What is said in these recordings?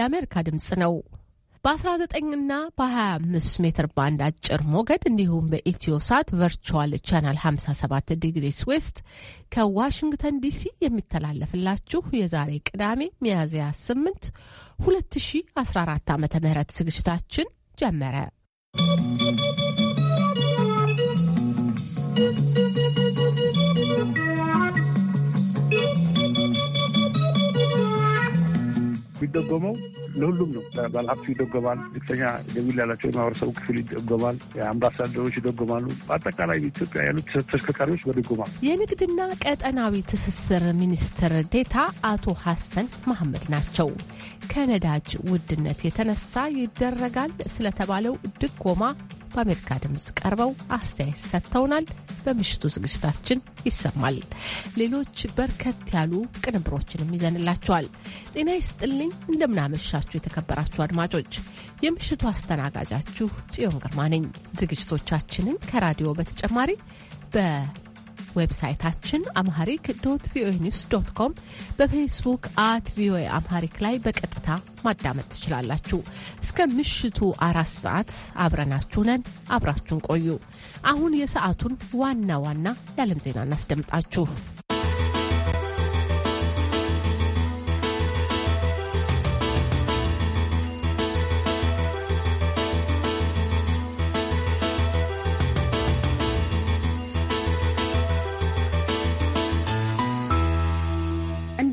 የአሜሪካ ድምፅ ነው። በ19 እና በ25 ሜትር ባንድ አጭር ሞገድ እንዲሁም በኢትዮ ሳት ቨርቹዋል ቻናል 57 ዲግሪስ ዌስት ከዋሽንግተን ዲሲ የሚተላለፍላችሁ የዛሬ ቅዳሜ ሚያዝያ 8 2014 ዓ ም ዝግጅታችን ጀመረ። የሚደጎመው ለሁሉም ነው። ባለሀብቱ ይደጎማል። ዝቅተኛ ገቢ ላላቸው የማህበረሰቡ ክፍል ይደጎማል። አምባሳደሮች ይደጎማሉ። በአጠቃላይ ኢትዮጵያ ያሉት ተሽከርካሪዎች በድጎማል። የንግድና ቀጠናዊ ትስስር ሚኒስትር ዴታ አቶ ሀሰን መሐመድ ናቸው። ከነዳጅ ውድነት የተነሳ ይደረጋል ስለተባለው ድጎማ በአሜሪካ ድምፅ ቀርበው አስተያየት ሰጥተውናል። በምሽቱ ዝግጅታችን ይሰማል። ሌሎች በርከት ያሉ ቅንብሮችንም ይዘንላቸዋል። ጤና ይስጥልኝ እንደምናመሻችሁ የተከበራችሁ አድማጮች፣ የምሽቱ አስተናጋጃችሁ ጽዮን ግርማ ነኝ። ዝግጅቶቻችንን ከራዲዮ በተጨማሪ በዌብሳይታችን አምሃሪክ ዶት ቪኦኤ ኒውስ ዶት ኮም፣ በፌስቡክ አት ቪኦኤ አምሃሪክ ላይ በቀጥታ ማዳመጥ ትችላላችሁ። እስከ ምሽቱ አራት ሰዓት አብረናችሁ ነን። አብራችሁን ቆዩ። አሁን የሰዓቱን ዋና ዋና የዓለም ዜና እናስደምጣችሁ።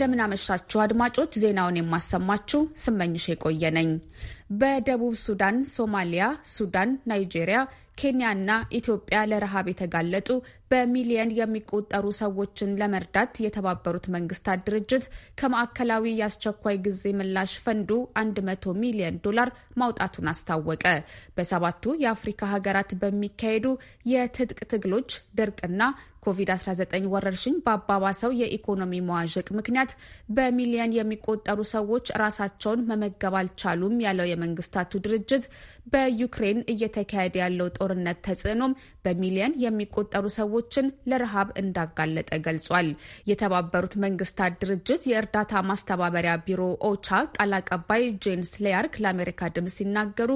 እንደምናመሻችሁ አድማጮች፣ ዜናውን የማሰማችሁ ስመኝሽ የቆየ ነኝ። በደቡብ ሱዳን፣ ሶማሊያ፣ ሱዳን፣ ናይጄሪያ፣ ኬንያ እና ኢትዮጵያ ለረሃብ የተጋለጡ በሚሊየን የሚቆጠሩ ሰዎችን ለመርዳት የተባበሩት መንግስታት ድርጅት ከማዕከላዊ የአስቸኳይ ጊዜ ምላሽ ፈንዱ 100 ሚሊዮን ዶላር ማውጣቱን አስታወቀ። በሰባቱ የአፍሪካ ሀገራት በሚካሄዱ የትጥቅ ትግሎች ድርቅና ኮቪድ-19 ወረርሽኝ በአባባሰው የኢኮኖሚ መዋዠቅ ምክንያት በሚሊየን የሚቆጠሩ ሰዎች ራሳቸውን መመገብ አልቻሉም ያለው የመንግስታቱ ድርጅት በዩክሬን እየተካሄደ ያለው ጦርነት ተጽዕኖም በሚሊየን የሚቆጠሩ ሰዎችን ለረሃብ እንዳጋለጠ ገልጿል። የተባበሩት መንግስታት ድርጅት የእርዳታ ማስተባበሪያ ቢሮ ኦቻ ቃል አቀባይ ጄንስ ሌያርክ ለአሜሪካ ድምፅ ሲናገሩ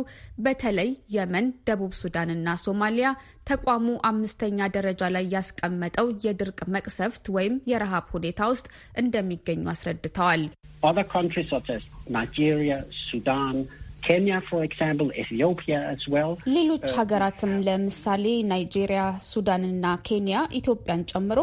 በተለይ የመን፣ ደቡብ ሱዳን እና ሶማሊያ ተቋሙ አምስተኛ ደረጃ ላይ ያስቀመጠው የድርቅ መቅሰፍት ወይም የረሃብ ሁኔታ ውስጥ እንደሚገኙ አስረድተዋል። ናይጄሪያ፣ ሱዳን ኬንያ ሌሎች uh, ሀገራትም ለምሳሌ ናይጄሪያ፣ ሱዳንና ኬንያ ኢትዮጵያን ጨምሮ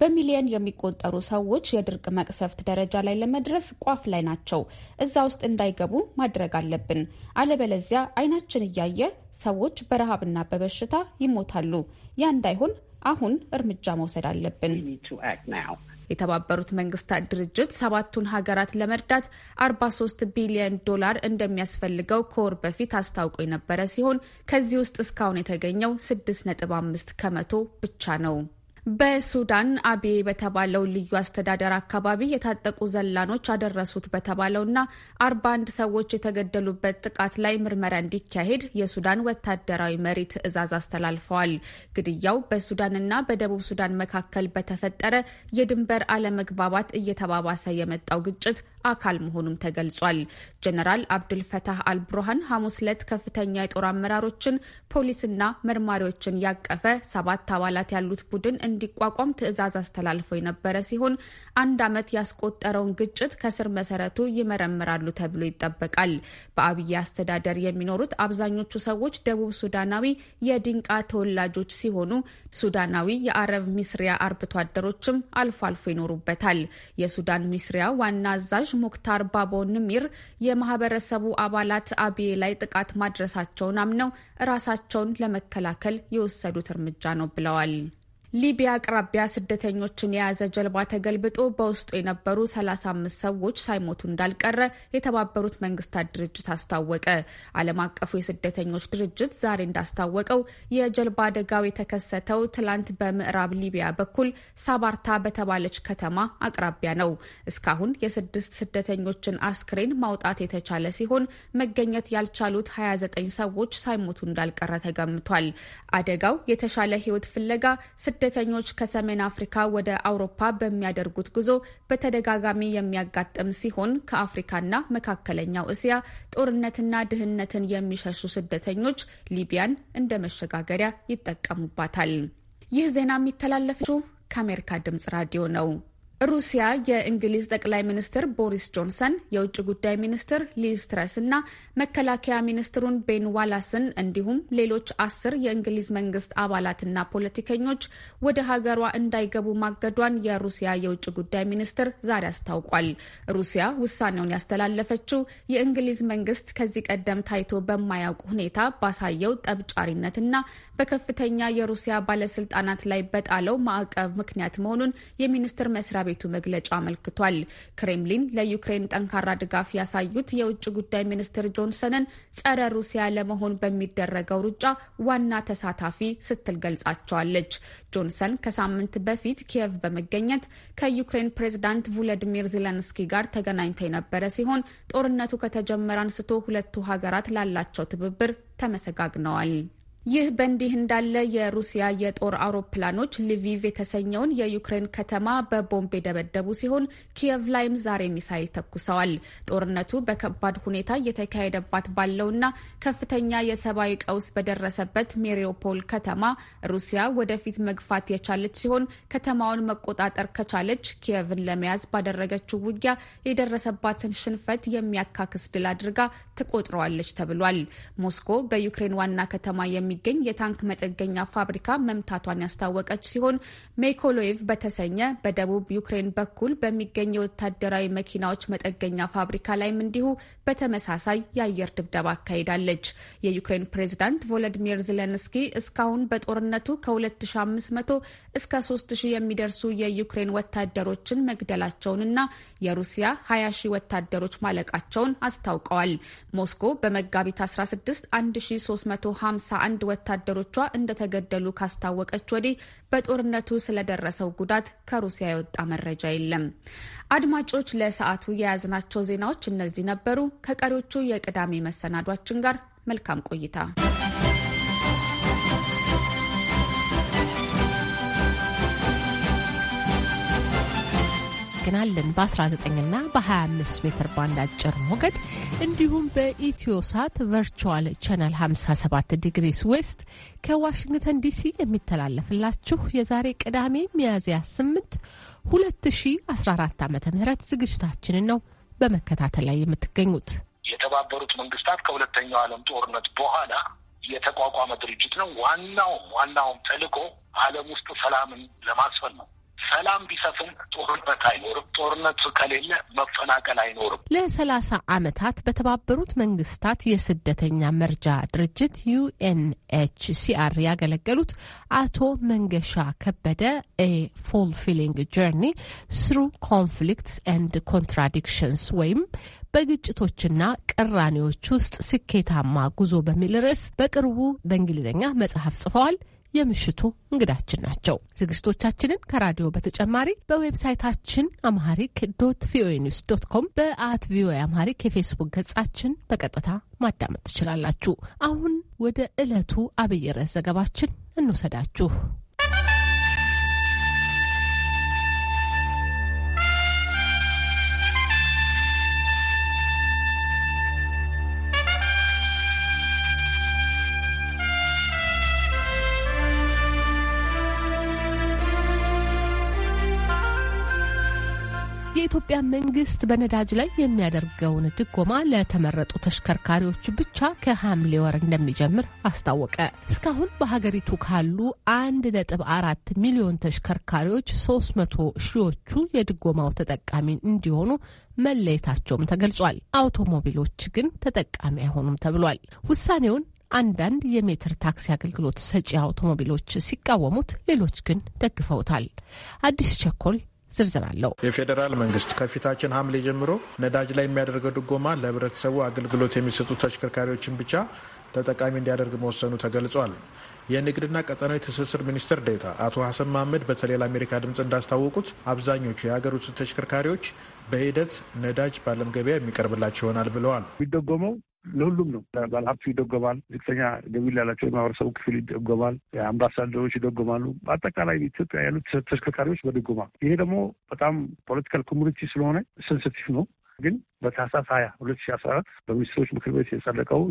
በሚሊየን የሚቆጠሩ ሰዎች የድርቅ መቅሰፍት ደረጃ ላይ ለመድረስ ቋፍ ላይ ናቸው። እዛ ውስጥ እንዳይገቡ ማድረግ አለብን። አለበለዚያ አይናችን እያየ ሰዎች በረሃብና በበሽታ ይሞታሉ። ያ እንዳይሆን አሁን እርምጃ መውሰድ አለብን። የተባበሩት መንግስታት ድርጅት ሰባቱን ሀገራት ለመርዳት 43 ቢሊዮን ዶላር እንደሚያስፈልገው ከወር በፊት አስታውቆ የነበረ ሲሆን ከዚህ ውስጥ እስካሁን የተገኘው 6.5 ከመቶ ብቻ ነው። በሱዳን አቤ በተባለው ልዩ አስተዳደር አካባቢ የታጠቁ ዘላኖች አደረሱት በተባለውና አርባ አንድ ሰዎች የተገደሉበት ጥቃት ላይ ምርመራ እንዲካሄድ የሱዳን ወታደራዊ መሪ ትዕዛዝ አስተላልፈዋል። ግድያው በሱዳንና በደቡብ ሱዳን መካከል በተፈጠረ የድንበር አለመግባባት እየተባባሰ የመጣው ግጭት አካል መሆኑም ተገልጿል። ጀነራል አብዱልፈታህ አልቡርሃን ሐሙስ ዕለት ከፍተኛ የጦር አመራሮችን ፖሊስና መርማሪዎችን ያቀፈ ሰባት አባላት ያሉት ቡድን እንዲቋቋም ትዕዛዝ አስተላልፎ የነበረ ሲሆን አንድ ዓመት ያስቆጠረውን ግጭት ከስር መሰረቱ ይመረምራሉ ተብሎ ይጠበቃል። በአብይ አስተዳደር የሚኖሩት አብዛኞቹ ሰዎች ደቡብ ሱዳናዊ የዲንቃ ተወላጆች ሲሆኑ ሱዳናዊ የአረብ ሚስሪያ አርብቶ አደሮችም አልፎ አልፎ ይኖሩበታል። የሱዳን ሚስሪያ ዋና አዛዥ ተከሳሽ ሙክታር ባቦ ንሚር የማህበረሰቡ አባላት አብዬ ላይ ጥቃት ማድረሳቸውን አምነው እራሳቸውን ለመከላከል የወሰዱት እርምጃ ነው ብለዋል። ሊቢያ አቅራቢያ ስደተኞችን የያዘ ጀልባ ተገልብጦ በውስጡ የነበሩ 35 ሰዎች ሳይሞቱ እንዳልቀረ የተባበሩት መንግስታት ድርጅት አስታወቀ። ዓለም አቀፉ የስደተኞች ድርጅት ዛሬ እንዳስታወቀው የጀልባ አደጋው የተከሰተው ትላንት በምዕራብ ሊቢያ በኩል ሳባርታ በተባለች ከተማ አቅራቢያ ነው። እስካሁን የስድስት ስደተኞችን አስክሬን ማውጣት የተቻለ ሲሆን መገኘት ያልቻሉት 29 ሰዎች ሳይሞቱ እንዳልቀረ ተገምቷል። አደጋው የተሻለ ህይወት ፍለጋ ስደተኞች ከሰሜን አፍሪካ ወደ አውሮፓ በሚያደርጉት ጉዞ በተደጋጋሚ የሚያጋጥም ሲሆን ከአፍሪካና መካከለኛው እስያ ጦርነትና ድህነትን የሚሸሹ ስደተኞች ሊቢያን እንደ መሸጋገሪያ ይጠቀሙባታል። ይህ ዜና የሚተላለፈው ከአሜሪካ ድምጽ ራዲዮ ነው። ሩሲያ የእንግሊዝ ጠቅላይ ሚኒስትር ቦሪስ ጆንሰን፣ የውጭ ጉዳይ ሚኒስትር ሊስትረስ ና እና መከላከያ ሚኒስትሩን ቤን ዋላስን እንዲሁም ሌሎች አስር የእንግሊዝ መንግስት አባላትና ፖለቲከኞች ወደ ሀገሯ እንዳይገቡ ማገዷን የሩሲያ የውጭ ጉዳይ ሚኒስትር ዛሬ አስታውቋል። ሩሲያ ውሳኔውን ያስተላለፈችው የእንግሊዝ መንግስት ከዚህ ቀደም ታይቶ በማያውቅ ሁኔታ ባሳየው ጠብጫሪነትና በከፍተኛ የሩሲያ ባለስልጣናት ላይ በጣለው ማዕቀብ ምክንያት መሆኑን የሚኒስትር መስሪያ ቤቱ መግለጫ አመልክቷል። ክሬምሊን ለዩክሬን ጠንካራ ድጋፍ ያሳዩት የውጭ ጉዳይ ሚኒስትር ጆንሰንን ጸረ ሩሲያ ለመሆን በሚደረገው ሩጫ ዋና ተሳታፊ ስትል ገልጻቸዋለች። ጆንሰን ከሳምንት በፊት ኪየቭ በመገኘት ከዩክሬን ፕሬዝዳንት ቮለዲሚር ዜለንስኪ ጋር ተገናኝተው የነበረ ሲሆን ጦርነቱ ከተጀመረ አንስቶ ሁለቱ ሀገራት ላላቸው ትብብር ተመሰጋግነዋል። ይህ በእንዲህ እንዳለ የሩሲያ የጦር አውሮፕላኖች ሊቪቭ የተሰኘውን የዩክሬን ከተማ በቦምብ የደበደቡ ሲሆን ኪየቭ ላይም ዛሬ ሚሳይል ተኩሰዋል። ጦርነቱ በከባድ ሁኔታ እየተካሄደባት ባለውና ከፍተኛ የሰብአዊ ቀውስ በደረሰበት ሜሪዮፖል ከተማ ሩሲያ ወደፊት መግፋት የቻለች ሲሆን ከተማውን መቆጣጠር ከቻለች ኪየቭን ለመያዝ ባደረገችው ውጊያ የደረሰባትን ሽንፈት የሚያካክስ ድል አድርጋ ትቆጥረዋለች ተብሏል። ሞስኮ በዩክሬን ዋና ከተማ የሚገኝ የታንክ መጠገኛ ፋብሪካ መምታቷን ያስታወቀች ሲሆን ሜኮሎይቭ በተሰኘ በደቡብ ዩክሬን በኩል በሚገኝ የወታደራዊ መኪናዎች መጠገኛ ፋብሪካ ላይም እንዲሁ በተመሳሳይ የአየር ድብደባ አካሂዳለች። የዩክሬን ፕሬዝዳንት ቮሎዲሚር ዜሌንስኪ እስካሁን በጦርነቱ ከ2500 እስከ 3000 የሚደርሱ የዩክሬን ወታደሮችን መግደላቸውንና የሩሲያ 20 ሺህ ወታደሮች ማለቃቸውን አስታውቀዋል። ሞስኮ በመጋቢት 16 1351 አንድ ወታደሮቿ እንደተገደሉ ካስታወቀች ወዲህ በጦርነቱ ስለደረሰው ጉዳት ከሩሲያ የወጣ መረጃ የለም። አድማጮች፣ ለሰዓቱ የያዝናቸው ዜናዎች እነዚህ ነበሩ። ከቀሪዎቹ የቅዳሜ መሰናዷችን ጋር መልካም ቆይታ እናመሰግናለን። በ19ና በ25 ሜትር ባንድ አጭር ሞገድ እንዲሁም በኢትዮሳት ቨርቹዋል ቻናል 57 ዲግሪስ ዌስት ከዋሽንግተን ዲሲ የሚተላለፍላችሁ የዛሬ ቅዳሜ ሚያዝያ 8 2014 ዓ ም ዝግጅታችንን ነው በመከታተል ላይ የምትገኙት። የተባበሩት መንግስታት ከሁለተኛው ዓለም ጦርነት በኋላ የተቋቋመ ድርጅት ነው። ዋናውም ዋናውም ተልዕኮ ዓለም ውስጥ ሰላምን ለማስፈን ነው። ሰላም ቢሰፍን ጦርነት አይኖርም። ጦርነት ከሌለ መፈናቀል አይኖርም። ለሰላሳ ዓመታት በተባበሩት መንግስታት የስደተኛ መርጃ ድርጅት ዩኤንኤችሲአር ያገለገሉት አቶ መንገሻ ከበደ ኤ ፉልፊሊንግ ጀርኒ ስሩ ኮንፍሊክትስ ኤንድ ኮንትራዲክሽንስ ወይም በግጭቶችና ቅራኔዎች ውስጥ ስኬታማ ጉዞ በሚል ርዕስ በቅርቡ በእንግሊዝኛ መጽሐፍ ጽፈዋል። የምሽቱ እንግዳችን ናቸው። ዝግጅቶቻችንን ከራዲዮ በተጨማሪ በዌብሳይታችን አምሃሪክ ዶት ቪኦኤ ኒውስ ዶት ኮም በአት ቪኦኤ አምሃሪክ የፌስቡክ ገጻችን በቀጥታ ማዳመጥ ትችላላችሁ። አሁን ወደ ዕለቱ አብይ ርዕስ ዘገባችን እንውሰዳችሁ። የኢትዮጵያ መንግስት በነዳጅ ላይ የሚያደርገውን ድጎማ ለተመረጡ ተሽከርካሪዎች ብቻ ከሐምሌ ወር እንደሚጀምር አስታወቀ። እስካሁን በሀገሪቱ ካሉ አንድ ነጥብ አራት ሚሊዮን ተሽከርካሪዎች ሶስት መቶ ሺዎቹ የድጎማው ተጠቃሚ እንዲሆኑ መለየታቸውም ተገልጿል። አውቶሞቢሎች ግን ተጠቃሚ አይሆኑም ተብሏል። ውሳኔውን አንዳንድ የሜትር ታክሲ አገልግሎት ሰጪ አውቶሞቢሎች ሲቃወሙት፣ ሌሎች ግን ደግፈውታል። አዲስ ቸኮል ዝርዝር አለው። የፌዴራል መንግስት ከፊታችን ሐምሌ ጀምሮ ነዳጅ ላይ የሚያደርገው ድጎማ ለህብረተሰቡ አገልግሎት የሚሰጡ ተሽከርካሪዎችን ብቻ ተጠቃሚ እንዲያደርግ መወሰኑ ተገልጿል። የንግድና ቀጠናዊ ትስስር ሚኒስትር ዴታ አቶ ሀሰን መሀመድ በተለይ ለአሜሪካ ድምፅ እንዳስታወቁት አብዛኞቹ የሀገሪቱ ተሽከርካሪዎች በሂደት ነዳጅ በዓለም ገበያ የሚቀርብላቸው ይሆናል ብለዋል። የሚደጎመው ለሁሉም ነው። ባለሀብቱ ይደጎማል። ዝቅተኛ ገቢ ላላቸው የማህበረሰቡ ክፍል ይደጎማል። አምባሳደሮች ይደጎማሉ። በአጠቃላይ ኢትዮጵያ ያሉት ተሽከርካሪዎች በድጎማ ይሄ ደግሞ በጣም ፖለቲካል ኮሚኒቲ ስለሆነ ሴንስቲቭ ነው። ግን በታህሳስ ሀያ ሁለት ሺ አስራ አራት በሚኒስትሮች ምክር ቤት የጸደቀው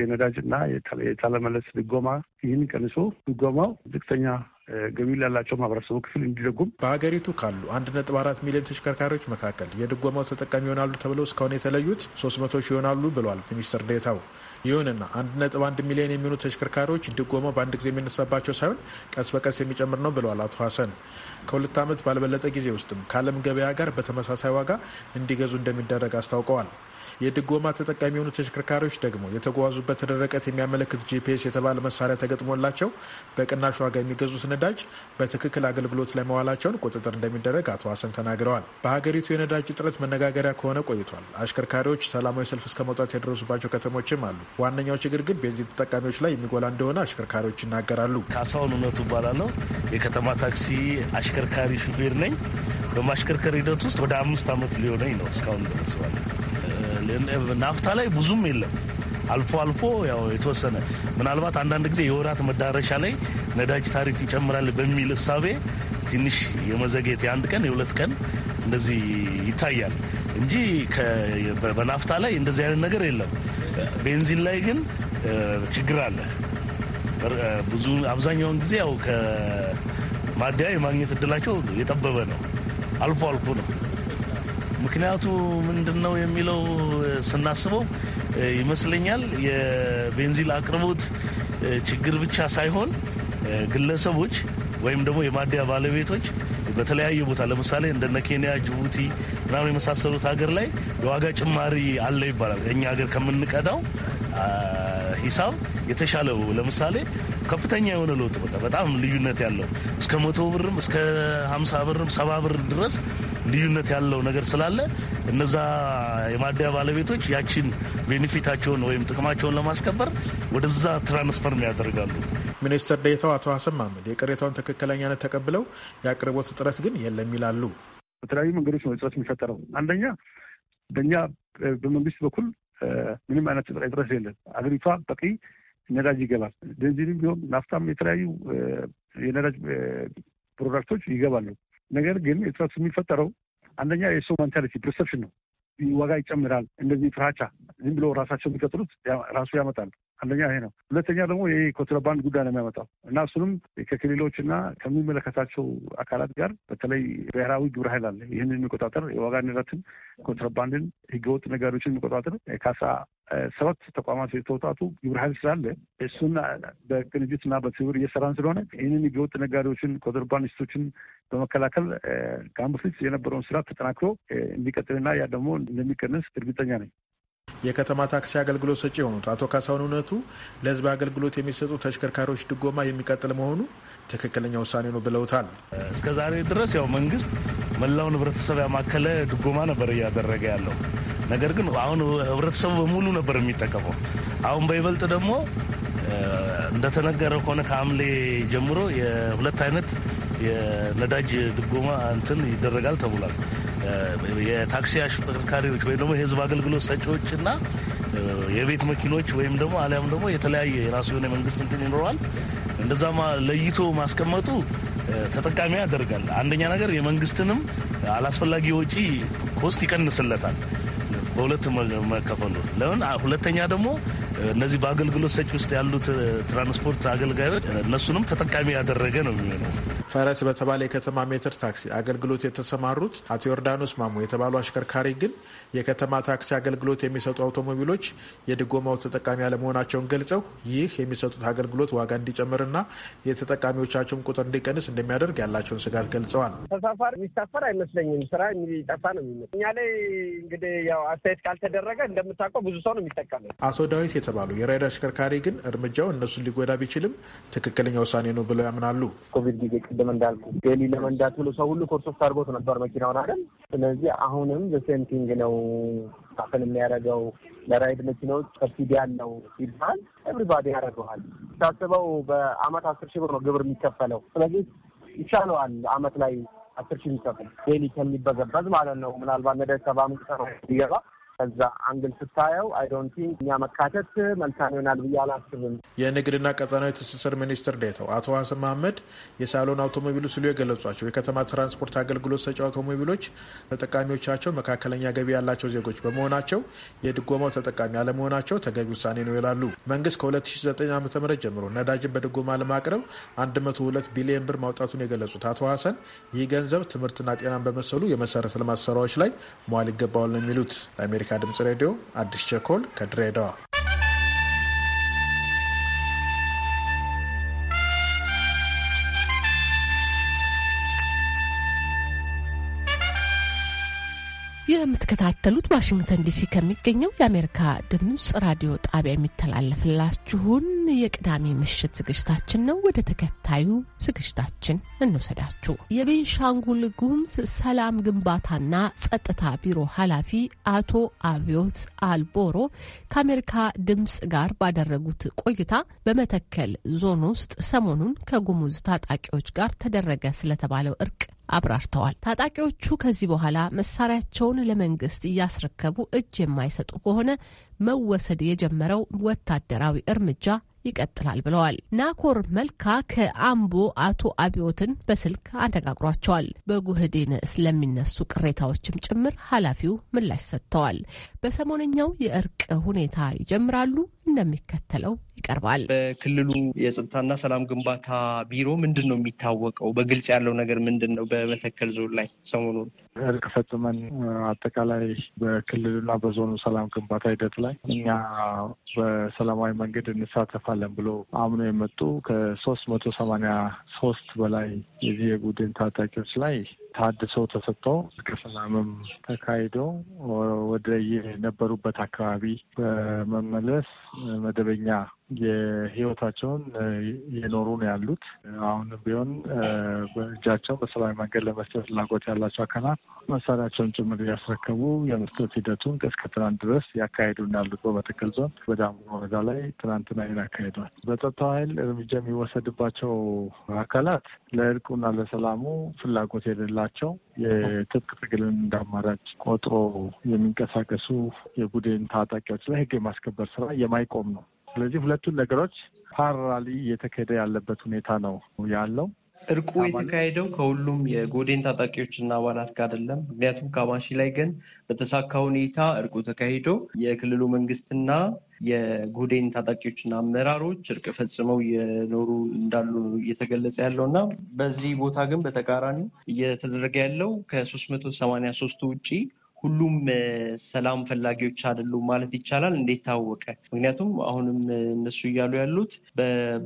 የነዳጅና የታለመለስ ድጎማ ይህን ቀንሶ ድጎማው ዝቅተኛ ገቢ ላላቸው ማህበረሰቡ ክፍል እንዲደጉም በሀገሪቱ ካሉ አንድ ነጥብ አራት ሚሊዮን ተሽከርካሪዎች መካከል የድጎማው ተጠቃሚ ይሆናሉ ተብለው እስካሁን የተለዩት ሶስት መቶ ሺህ ይሆናሉ ብለዋል ሚኒስትር ዴታው። ይሁንና አንድ ነጥብ አንድ ሚሊዮን የሚሆኑ ተሽከርካሪዎች ድጎማው በአንድ ጊዜ የሚነሳባቸው ሳይሆን ቀስ በቀስ የሚጨምር ነው ብለዋል አቶ ሀሰን። ከሁለት ዓመት ባልበለጠ ጊዜ ውስጥም ከዓለም ገበያ ጋር በተመሳሳይ ዋጋ እንዲገዙ እንደሚደረግ አስታውቀዋል። የድጎማ ተጠቃሚ የሆኑ ተሽከርካሪዎች ደግሞ የተጓዙበትን ርቀት የሚያመለክት ጂፒኤስ የተባለ መሳሪያ ተገጥሞላቸው በቅናሽ ዋጋ የሚገዙት ነዳጅ በትክክል አገልግሎት ላይ መዋላቸውን ቁጥጥር እንደሚደረግ አቶ ሀሰን ተናግረዋል። በሀገሪቱ የነዳጅ እጥረት መነጋገሪያ ከሆነ ቆይቷል። አሽከርካሪዎች ሰላማዊ ሰልፍ እስከ መውጣት የደረሱባቸው ከተሞችም አሉ። ዋነኛው ችግር ግን ቤንዚን ተጠቃሚዎች ላይ የሚጎላ እንደሆነ አሽከርካሪዎች ይናገራሉ። ካሳሁን እውነቱ እባላለሁ። የከተማ ታክሲ አሽከርካሪ ሹፌር ነኝ። በማሽከርከር ሂደት ውስጥ ወደ አምስት ዓመት ሊሆነኝ ነው እስካሁን ደረስባለ ናፍታ ላይ ብዙም የለም። አልፎ አልፎ ያው የተወሰነ ምናልባት አንዳንድ ጊዜ የወራት መዳረሻ ላይ ነዳጅ ታሪፍ ይጨምራል በሚል እሳቤ ትንሽ የመዘግየት የአንድ ቀን የሁለት ቀን እንደዚህ ይታያል እንጂ በናፍታ ላይ እንደዚህ አይነት ነገር የለም። ቤንዚን ላይ ግን ችግር አለ። ብዙ አብዛኛውን ጊዜ ያው ከማደያ የማግኘት እድላቸው የጠበበ ነው። አልፎ አልፎ ነው። ምክንያቱ ምንድን ነው የሚለው ስናስበው ይመስለኛል የቤንዚል አቅርቦት ችግር ብቻ ሳይሆን ግለሰቦች ወይም ደግሞ የማደያ ባለቤቶች በተለያዩ ቦታ ለምሳሌ እንደነ ኬንያ፣ ጅቡቲ ምናምን የመሳሰሉት ሀገር ላይ የዋጋ ጭማሪ አለ ይባላል። እኛ ሀገር ከምንቀዳው ሂሳብ የተሻለው ለምሳሌ ከፍተኛ የሆነ ለውጥ በጣም ልዩነት ያለው እስከ መቶ ብርም እስከ ሀምሳ ብርም ሰባ ብር ድረስ ልዩነት ያለው ነገር ስላለ እነዛ የማደያ ባለቤቶች ያችን ቤኔፊታቸውን ወይም ጥቅማቸውን ለማስከበር ወደዛ ትራንስፈርም ያደርጋሉ። ሚኒስትር ዴታው አቶ ሀሰን ማመድ የቅሬታውን ትክክለኛነት ተቀብለው የአቅርቦት እጥረት ግን የለም ይላሉ። በተለያዩ መንገዶች ነው እጥረት የሚፈጠረው። አንደኛ በእኛ በመንግስት በኩል ምንም አይነት እጥረት የለም። አገሪቷ በቂ ነዳጅ ይገባል። ቤንዚንም ቢሆን ናፍታም፣ የተለያዩ የነዳጅ ፕሮዳክቶች ይገባሉ። ነገር ግን እጥረት የሚፈጠረው አንደኛ የሰው ሜንታሊቲ ፐርሰፕሽን ነው። ዋጋ ይጨምራል። እንደዚህ ፍራቻ ዝም ብሎ ራሳቸው የሚቀጥሉት ራሱ ያመጣል። አንደኛ ይሄ ነው። ሁለተኛ ደግሞ ይሄ ኮንትሮባንድ ጉዳይ ነው የሚያመጣው እና እሱንም ከክልሎች እና ከሚመለከታቸው አካላት ጋር በተለይ ብሔራዊ ግብረ ኃይል አለ። ይህንን የሚቆጣጠር የዋጋ ንረትን፣ ኮንትሮባንድን፣ ህገወጥ ነጋዴዎችን የሚቆጣጠር ካሳ ሰባት ተቋማት የተውጣጡ ግብረ ኃይል ስላለ እሱን በቅንጅት እና በትብብር እየሰራን ስለሆነ ይህንን ህገወጥ ነጋዴዎችን፣ ኮንትሮባንዲስቶችን በመከላከል ከአንድ በፊት የነበረውን ስራ ተጠናክሮ እንዲቀጥልና ያ ደግሞ እንደሚቀንስ እርግጠኛ ነኝ። የከተማ ታክሲ አገልግሎት ሰጪ የሆኑት አቶ ካሳሁን እውነቱ ለህዝብ አገልግሎት የሚሰጡ ተሽከርካሪዎች ድጎማ የሚቀጥል መሆኑ ትክክለኛ ውሳኔ ነው ብለውታል። እስከ ዛሬ ድረስ ያው መንግስት መላውን ህብረተሰብ ያማከለ ድጎማ ነበር እያደረገ ያለው። ነገር ግን አሁን ህብረተሰቡ በሙሉ ነበር የሚጠቀመው። አሁን በይበልጥ ደግሞ እንደተነገረ ከሆነ ከሐምሌ ጀምሮ የሁለት አይነት የነዳጅ ድጎማ እንትን ይደረጋል ተብሏል። የታክሲ አሽከርካሪዎች ወይም ደግሞ የህዝብ አገልግሎት ሰጪዎች እና የቤት መኪኖች ወይም ደግሞ አሊያም ደግሞ የተለያየ የራሱ የሆነ የመንግስት እንትን ይኖረዋል። እንደዛ ለይቶ ማስቀመጡ ተጠቃሚ ያደርጋል። አንደኛ ነገር የመንግስትንም አላስፈላጊ ወጪ ኮስት ይቀንስለታል በሁለት መከፈሉ ለምን ሁለተኛ ደግሞ እነዚህ በአገልግሎት ሰጪ ውስጥ ያሉት ትራንስፖርት አገልጋዮች እነሱንም ተጠቃሚ ያደረገ ነው የሚሆነው። ፈረስ በተባለ የከተማ ሜትር ታክሲ አገልግሎት የተሰማሩት አቶ ዮርዳኖስ ማሞ የተባሉ አሽከርካሪ ግን የከተማ ታክሲ አገልግሎት የሚሰጡ አውቶሞቢሎች የድጎማው ተጠቃሚ አለመሆናቸውን ገልጸው ይህ የሚሰጡት አገልግሎት ዋጋ እንዲጨምርና የተጠቃሚዎቻቸውን ቁጥር እንዲቀንስ እንደሚያደርግ ያላቸውን ስጋት ገልጸዋል። ተሳፋሪ የሚሳፈር አይመስለኝም። ስራ የሚጠፋ ነው የሚመስለው። እኛ ላይ እንግዲህ ያው አስተያየት ካልተደረገ እንደምታውቀው ብዙ ሰው ነው የሚጠቀመ። አቶ ዳዊት የተባሉ የራይድ አሽከርካሪ ግን እርምጃው እነሱን ሊጎዳ ቢችልም ትክክለኛ ውሳኔ ነው ብለው ያምናሉ። ኮቪድ ጊዜ ቅድም እንዳልኩ ዴሊ ለመንዳት ብሎ ሰው ሁሉ ኮርሶፍ አድርጎት ነበር መኪናውን አይደል? ስለዚህ አሁንም ዘሴንቲንግ ነው ካፍል የሚያደርገው ለራይድ መኪናዎች ሰብሲዲ ያለው ሲባል ኤቭሪባዲ ያደርገዋል። ታስበው በአመት አስር ሺህ ብር ነው ግብር የሚከፈለው። ስለዚህ ይቻለዋል አመት ላይ አስር ሺህ የሚከፍል ዴሊ ከሚበዘበዝ ማለት ነው። ምናልባት ነደ ሰባ ምንጭ ነው ሊገባ ከዛ አንግል ስታየው አይ ዶንት ቲንክ እኛ መካተት መልካም ይሆናል ብዬ አላስብም። የንግድና ቀጠናዊ ትስስር ሚኒስትር ዴተው አቶ ሀሰን መሀመድ የሳሎን አውቶሞቢሉ ሲሉ የገለጿቸው የከተማ ትራንስፖርት አገልግሎት ሰጪ አውቶሞቢሎች ተጠቃሚዎቻቸው መካከለኛ ገቢ ያላቸው ዜጎች በመሆናቸው የድጎማው ተጠቃሚ አለመሆናቸው ተገቢ ውሳኔ ነው ይላሉ። መንግስት ከ2009 ዓ ም ጀምሮ ነዳጅን በድጎማ ለማቅረብ 102 ቢሊዮን ብር ማውጣቱን የገለጹት አቶ ሀሰን ይህ ገንዘብ ትምህርትና ጤናን በመሰሉ የመሰረተ ልማት ስራዎች ላይ መዋል ይገባዋል ነው የሚሉት። ለአሜሪካ ድምጽ ሬዲዮ አዲስ ቸኮል ከድሬዳዋ የምትከታተሉት ዋሽንግተን ዲሲ ከሚገኘው የአሜሪካ ድምፅ ራዲዮ ጣቢያ የሚተላለፍላችሁን የቅዳሜ ምሽት ዝግጅታችን ነው። ወደ ተከታዩ ዝግጅታችን እንውሰዳችሁ። የቤንሻንጉል ጉሙዝ ሰላም ግንባታና ጸጥታ ቢሮ ኃላፊ አቶ አብዮት አልቦሮ ከአሜሪካ ድምፅ ጋር ባደረጉት ቆይታ በመተከል ዞን ውስጥ ሰሞኑን ከጉሙዝ ታጣቂዎች ጋር ተደረገ ስለተባለው እርቅ አብራርተዋል። ታጣቂዎቹ ከዚህ በኋላ መሳሪያቸውን ለመንግስት እያስረከቡ እጅ የማይሰጡ ከሆነ መወሰድ የጀመረው ወታደራዊ እርምጃ ይቀጥላል ብለዋል። ናኮር መልካ ከአምቦ አቶ አብዮትን በስልክ አነጋግሯቸዋል። በጉህዴን ስለሚነሱ ቅሬታዎችም ጭምር ኃላፊው ምላሽ ሰጥተዋል። በሰሞነኛው የእርቅ ሁኔታ ይጀምራሉ እንደሚከተለው ይቀርባል። በክልሉ የጸጥታና ሰላም ግንባታ ቢሮ ምንድን ነው የሚታወቀው? በግልጽ ያለው ነገር ምንድን ነው? በመተከል ዞን ላይ ሰሞኑን እርቅ ፈጽመን አጠቃላይ በክልሉና በዞኑ ሰላም ግንባታ ሂደት ላይ እኛ በሰላማዊ መንገድ እንሳተፋለን ብሎ አምኖ የመጡ ከሶስት መቶ ሰማኒያ ሶስት በላይ የዚህ የቡድን ታጣቂዎች ላይ ታድሶ ተሰጥቶ ከሰላምም ተካሂዶ ወደ የነበሩበት አካባቢ በመመለስ መደበኛ የህይወታቸውን የኖሩ ነው ያሉት። አሁንም ቢሆን በእጃቸው በሰላማዊ መንገድ ለመስጠት ፍላጎት ያላቸው አካላት መሳሪያቸውን ጭምር እያስረከቡ የመስጠት ሂደቱን እስከ ትናንት ድረስ ያካሄዱ ነው ያሉት። በመተከል ዞን በዳሙ ወረዳ ላይ ትናንትና ይህን አካሄዷል። በጸጥታ ኃይል እርምጃ የሚወሰድባቸው አካላት ለእርቁና ለሰላሙ ፍላጎት የሌላ ያላቸው የትጥቅ ትግልን እንዳማራጭ ቆጥሮ የሚንቀሳቀሱ የቡድን ታጣቂዎች ላይ ህግ የማስከበር ስራ የማይቆም ነው። ስለዚህ ሁለቱን ነገሮች ፓራሊ እየተካሄደ ያለበት ሁኔታ ነው ያለው። እርቁ የተካሄደው ከሁሉም የጎዴን ታጣቂዎች እና አባላት ጋር አይደለም። ምክንያቱም ካማሺ ላይ ግን በተሳካ ሁኔታ እርቁ ተካሂዶ የክልሉ መንግስትና የጎዴን ታጣቂዎችና አመራሮች እርቅ ፈጽመው እየኖሩ እንዳሉ እየተገለጸ ያለው እና በዚህ ቦታ ግን በተቃራኒ እየተደረገ ያለው ከሶስት መቶ ሰማኒያ ሶስቱ ውጪ ሁሉም ሰላም ፈላጊዎች አይደሉም ማለት ይቻላል። እንዴት ታወቀ? ምክንያቱም አሁንም እነሱ እያሉ ያሉት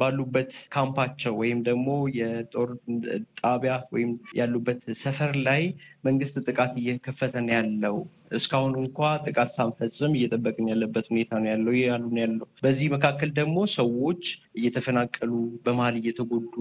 ባሉበት ካምፓቸው ወይም ደግሞ የጦር ጣቢያ ወይም ያሉበት ሰፈር ላይ መንግስት ጥቃት እየከፈተ ነው ያለው። እስካሁን እንኳ ጥቃት ሳንፈጽም እየጠበቅን ያለበት ሁኔታ ነው ያለው ያሉ ነው ያለው። በዚህ መካከል ደግሞ ሰዎች እየተፈናቀሉ በመሀል እየተጎዱ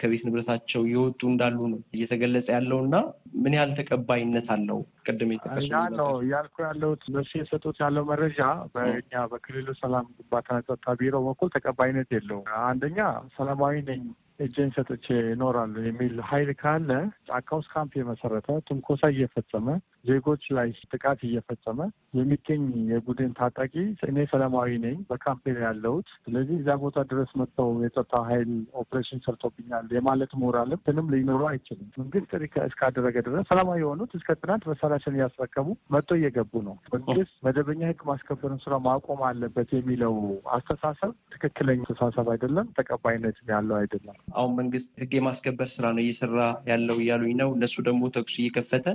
ከቤት ንብረታቸው እየወጡ እንዳሉ ነው እየተገለጸ ያለው እና ምን ያህል ተቀባይነት አለው? ቅድም የተቀ ነው እያልኩ ያለሁት እነሱ የሰጡት ያለው መረጃ በእኛ በክልሉ ሰላም ግንባታና ጸጥታ ቢሮ በኩል ተቀባይነት የለውም። አንደኛ ሰላማዊ ነኝ እጄን ሰጥቼ ይኖራሉ የሚል ኃይል ካለ ጫካ ውስጥ ካምፕ የመሰረተ ትንኮሳ እየፈጸመ ዜጎች ላይ ጥቃት እየፈጸመ የሚገኝ የቡድን ታጣቂ እኔ ሰላማዊ ነኝ በካምፔን ያለውት ያለሁት፣ ስለዚህ እዛ ቦታ ድረስ መጥተው የጸጥታ ኃይል ኦፕሬሽን ሰርቶብኛል የማለት ሞራልም ትንም ሊኖሩ አይችልም። መንግስት ጥሪ እስካደረገ ድረስ ሰላማዊ የሆኑት እስከ ትናንት መሳሪያችን እያስረከቡ መጥቶ እየገቡ ነው። መንግስት መደበኛ ህግ ማስከበርን ስራ ማቆም አለበት የሚለው አስተሳሰብ ትክክለኛ አስተሳሰብ አይደለም፣ ተቀባይነት ያለው አይደለም። አሁን መንግስት ህግ የማስከበር ስራ ነው እየሰራ ያለው እያሉኝ ነው። እነሱ ደግሞ ተኩስ እየከፈተ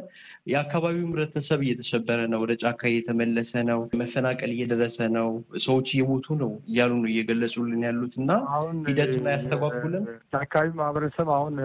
የአካባቢ አካባቢው ህብረተሰብ እየተሸበረ ነው፣ ወደ ጫካ እየተመለሰ ነው፣ መፈናቀል እየደረሰ ነው፣ ሰዎች እየሞቱ ነው እያሉ ነው እየገለጹልን ያሉት እና ሂደቱን አያስተጓጉልም። የአካባቢ ማህበረሰብ አሁን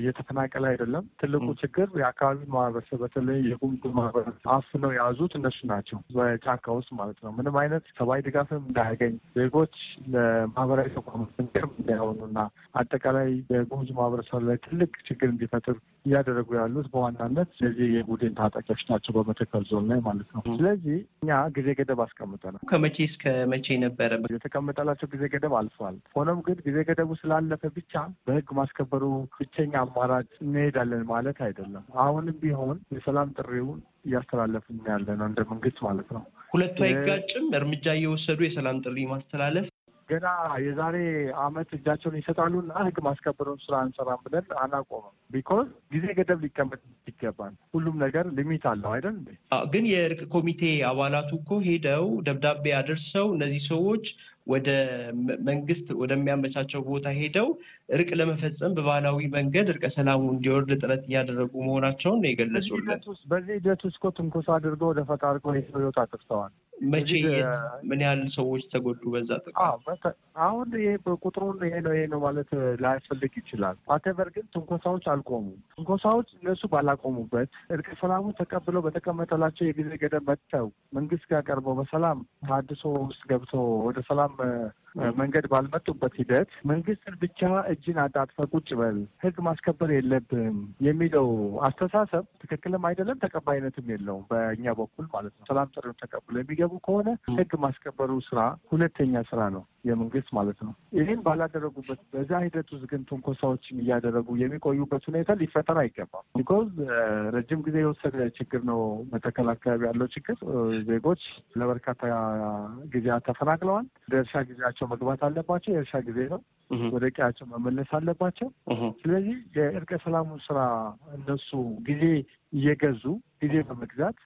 እየተፈናቀለ አይደለም። ትልቁ ችግር የአካባቢ ማህበረሰብ በተለይ የጉምቱ ማህበረሰብ ነው የያዙት እነሱ ናቸው፣ በጫካ ውስጥ ማለት ነው። ምንም አይነት ሰብአዊ ድጋፍም እንዳያገኝ ዜጎች ለማህበራዊ ተቋማት እንዳይሆኑና አጠቃላይ በጉምዙ ማህበረሰብ ላይ ትልቅ ችግር እንዲፈጥር እያደረጉ ያሉት በዋናነት እነዚህ የቡድን ታጣቂዎች ናቸው በመተከል ዞን ላይ ማለት ነው። ስለዚህ እኛ ጊዜ ገደብ አስቀምጠናል። ከመቼ እስከ መቼ ነበረ የተቀመጠላቸው ጊዜ ገደብ አልፏል። ሆኖም ግን ጊዜ ገደቡ ስላለፈ ብቻ በህግ ማስከበሩ ብቸኛ አማራጭ እንሄዳለን ማለት አይደለም። አሁንም ቢሆን የሰላም ጥሪውን እያስተላለፍን ያለ ነው እንደ መንግስት ማለት ነው። ሁለቱ አይጋጭም። እርምጃ እየወሰዱ የሰላም ጥሪ ማስተላለፍ ገና የዛሬ አመት እጃቸውን ይሰጣሉ እና ህግ ማስከበሩን ስራ አንሰራም ብለን አናቆምም። ቢኮዝ ጊዜ ገደብ ሊቀመጥ ይገባል። ሁሉም ነገር ሊሚት አለው አይደል? ግን የእርቅ ኮሚቴ አባላቱ እኮ ሄደው ደብዳቤ አድርሰው እነዚህ ሰዎች ወደ መንግስት ወደሚያመቻቸው ቦታ ሄደው እርቅ ለመፈጸም በባህላዊ መንገድ እርቀ ሰላሙ እንዲወርድ ጥረት እያደረጉ መሆናቸውን ነው የገለጹ። በዚህ ሂደት ውስጥ እኮ ትንኮሳ አድርገው ወደ ፈቃድ እኮ ህይወት አጥፍተዋል። መቼ ምን ያህል ሰዎች ተጎዱ? በዛ ጥቃት አሁን ይሄ በቁጥሩን ይሄ ነው ይሄ ነው ማለት ላያስፈልግ ይችላል። ዋቴቨር ግን ትንኮሳዎች አልቆሙም። ትንኮሳዎች እነሱ ባላቆሙበት እርቅ ሰላሙ ተቀብለው በተቀመጠላቸው የጊዜ ገደብ መጥተው መንግስት ጋር ቀርበው በሰላም ታድሶ ውስጥ ገብቶ ወደ ሰላም መንገድ ባልመጡበት ሂደት መንግስትን ብቻ እጅን አጣጥፈህ ቁጭ በል፣ ህግ ማስከበር የለብም የሚለው አስተሳሰብ ትክክልም አይደለም፣ ተቀባይነትም የለውም በእኛ በኩል ማለት ነው። ሰላም ጥሪውን ተቀብሎ የሚገቡ ከሆነ ህግ ማስከበሩ ስራ ሁለተኛ ስራ ነው የመንግስት ማለት ነው። ይህን ባላደረጉበት በዛ ሂደት ውስጥ ግን ትንኮሳዎችን እያደረጉ የሚቆዩበት ሁኔታ ሊፈጠር አይገባም። ቢኮዝ ረጅም ጊዜ የወሰደ ችግር ነው። መተከል አካባቢ ያለው ችግር ዜጎች ለበርካታ ጊዜያት ተፈናቅለዋል። ደርሻ ጊዜያቸው ቀያቸው መግባት አለባቸው። የእርሻ ጊዜ ነው። ወደ ቀያቸው መመለስ አለባቸው። ስለዚህ የእርቀ ሰላሙን ስራ እነሱ ጊዜ እየገዙ ጊዜ በመግዛት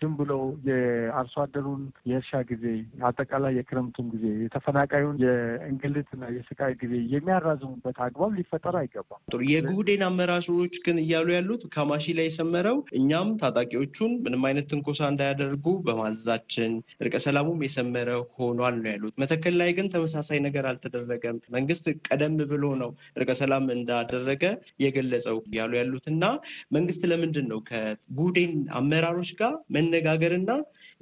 ዝም ብሎ የአርሶ አደሩን የእርሻ ጊዜ አጠቃላይ የክረምቱን ጊዜ የተፈናቃዩን የእንግልትና የስቃይ ጊዜ የሚያራዝሙበት አግባብ ሊፈጠር አይገባም። ጥሩ የጉህዴን አመራሮች ግን እያሉ ያሉት ከማሺ ላይ የሰመረው እኛም ታጣቂዎቹን ምንም አይነት ትንኮሳ እንዳያደርጉ በማዘዛችን እርቀ ሰላሙም የሰመረ ሆኗል ነው ያሉት። መተከል ላይ ግን ተመሳሳይ ነገር አልተደረገም። መንግስት ቀደም ብሎ ነው እርቀ ሰላም እንዳደረገ የገለጸው እያሉ ያሉት እና መንግስት ለምንድን ነው ከቡድን አመራሮች ጋር መነጋገርና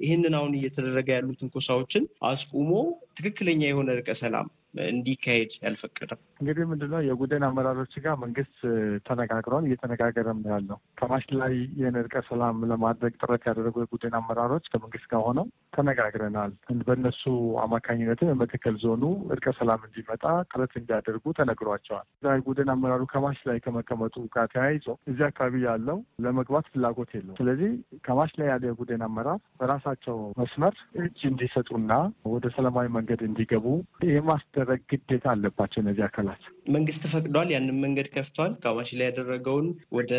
ይህንን አሁን እየተደረገ ያሉትን ኮሳዎችን አስቁሞ ትክክለኛ የሆነ እርቀ ሰላም እንዲካሄድ ያልፈቀደም። እንግዲህ ምንድነው የቡድን አመራሮች ጋር መንግስት ተነጋግሯል፣ እየተነጋገረም ያለው። ከማሽ ላይ የእርቀ ሰላም ለማድረግ ጥረት ያደረጉ የቡድን አመራሮች ከመንግስት ጋር ሆነው ተነጋግረናል፣ በእነሱ አማካኝነትም የመተከል ዞኑ እርቀ ሰላም እንዲመጣ ጥረት እንዲያደርጉ ተነግሯቸዋል። እዛ የቡድን አመራሩ ከማሽ ላይ ከመቀመጡ ጋር ተያይዞ እዚህ አካባቢ ያለው ለመግባት ፍላጎት የለው። ስለዚህ ከማሽ ላይ ያለ የቡድን አመራር በራሳቸው መስመር እጅ እንዲሰጡና ወደ ሰላማዊ መንገድ እንዲገቡ የማስ የማስደረግ ግዴታ አለባቸው እነዚህ አካላት። መንግስት ፈቅዷል፣ ያንን መንገድ ከፍቷል። ካማሺ ላይ ያደረገውን ወደ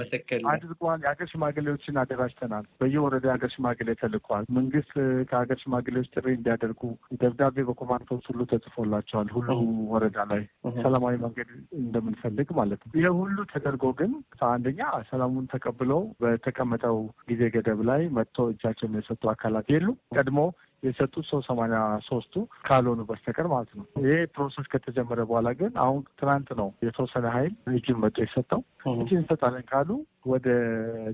መተከል አድርጓል። የሀገር ሽማግሌዎችን አደራጅተናል። በየወረዳ የሀገር ሽማግሌ ተልኳል። መንግስት ከሀገር ሽማግሌዎች ጥሪ እንዲያደርጉ ደብዳቤ በኮማንድ ፖስት ሁሉ ተጽፎላቸዋል። ሁሉ ወረዳ ላይ ሰላማዊ መንገድ እንደምንፈልግ ማለት ነው። ይህ ሁሉ ተደርጎ ግን አንደኛ ሰላሙን ተቀብለው በተቀመጠው ጊዜ ገደብ ላይ መጥቶ እጃቸውን የሰጡ አካላት የሉ ቀድሞ የሰጡት ሰው ሰማንያ ሶስቱ ካልሆኑ በስተቀር ማለት ነው። ይሄ ፕሮሰስ ከተጀመረ በኋላ ግን አሁን ትናንት ነው የተወሰነ ኃይል እጁን መጥቶ የሰጠው። እጅ እንሰጣለን ካሉ ወደ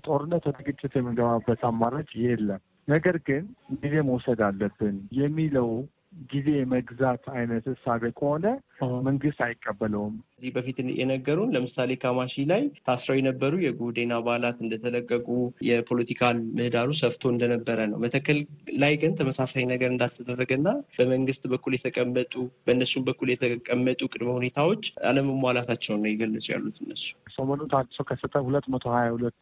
ጦርነት ወደ ግጭት የምንገባበት አማራጭ የለም። ነገር ግን ጊዜ መውሰድ አለብን የሚለው ጊዜ የመግዛት አይነት እሳቤ ከሆነ መንግስት አይቀበለውም። ከዚህ በፊት የነገሩን ለምሳሌ ካማሺ ላይ ታስረው የነበሩ የጉዴን አባላት እንደተለቀቁ የፖለቲካል ምህዳሩ ሰፍቶ እንደነበረ ነው። መተከል ላይ ግን ተመሳሳይ ነገር እንዳልተደረገና በመንግስት በኩል የተቀመጡ በእነሱም በኩል የተቀመጡ ቅድመ ሁኔታዎች አለመሟላታቸውን ነው የገለጹ ያሉት እነሱ። ሰሞኑን ታድሶ ከሰጠ ሁለት መቶ ሀያ ሁለት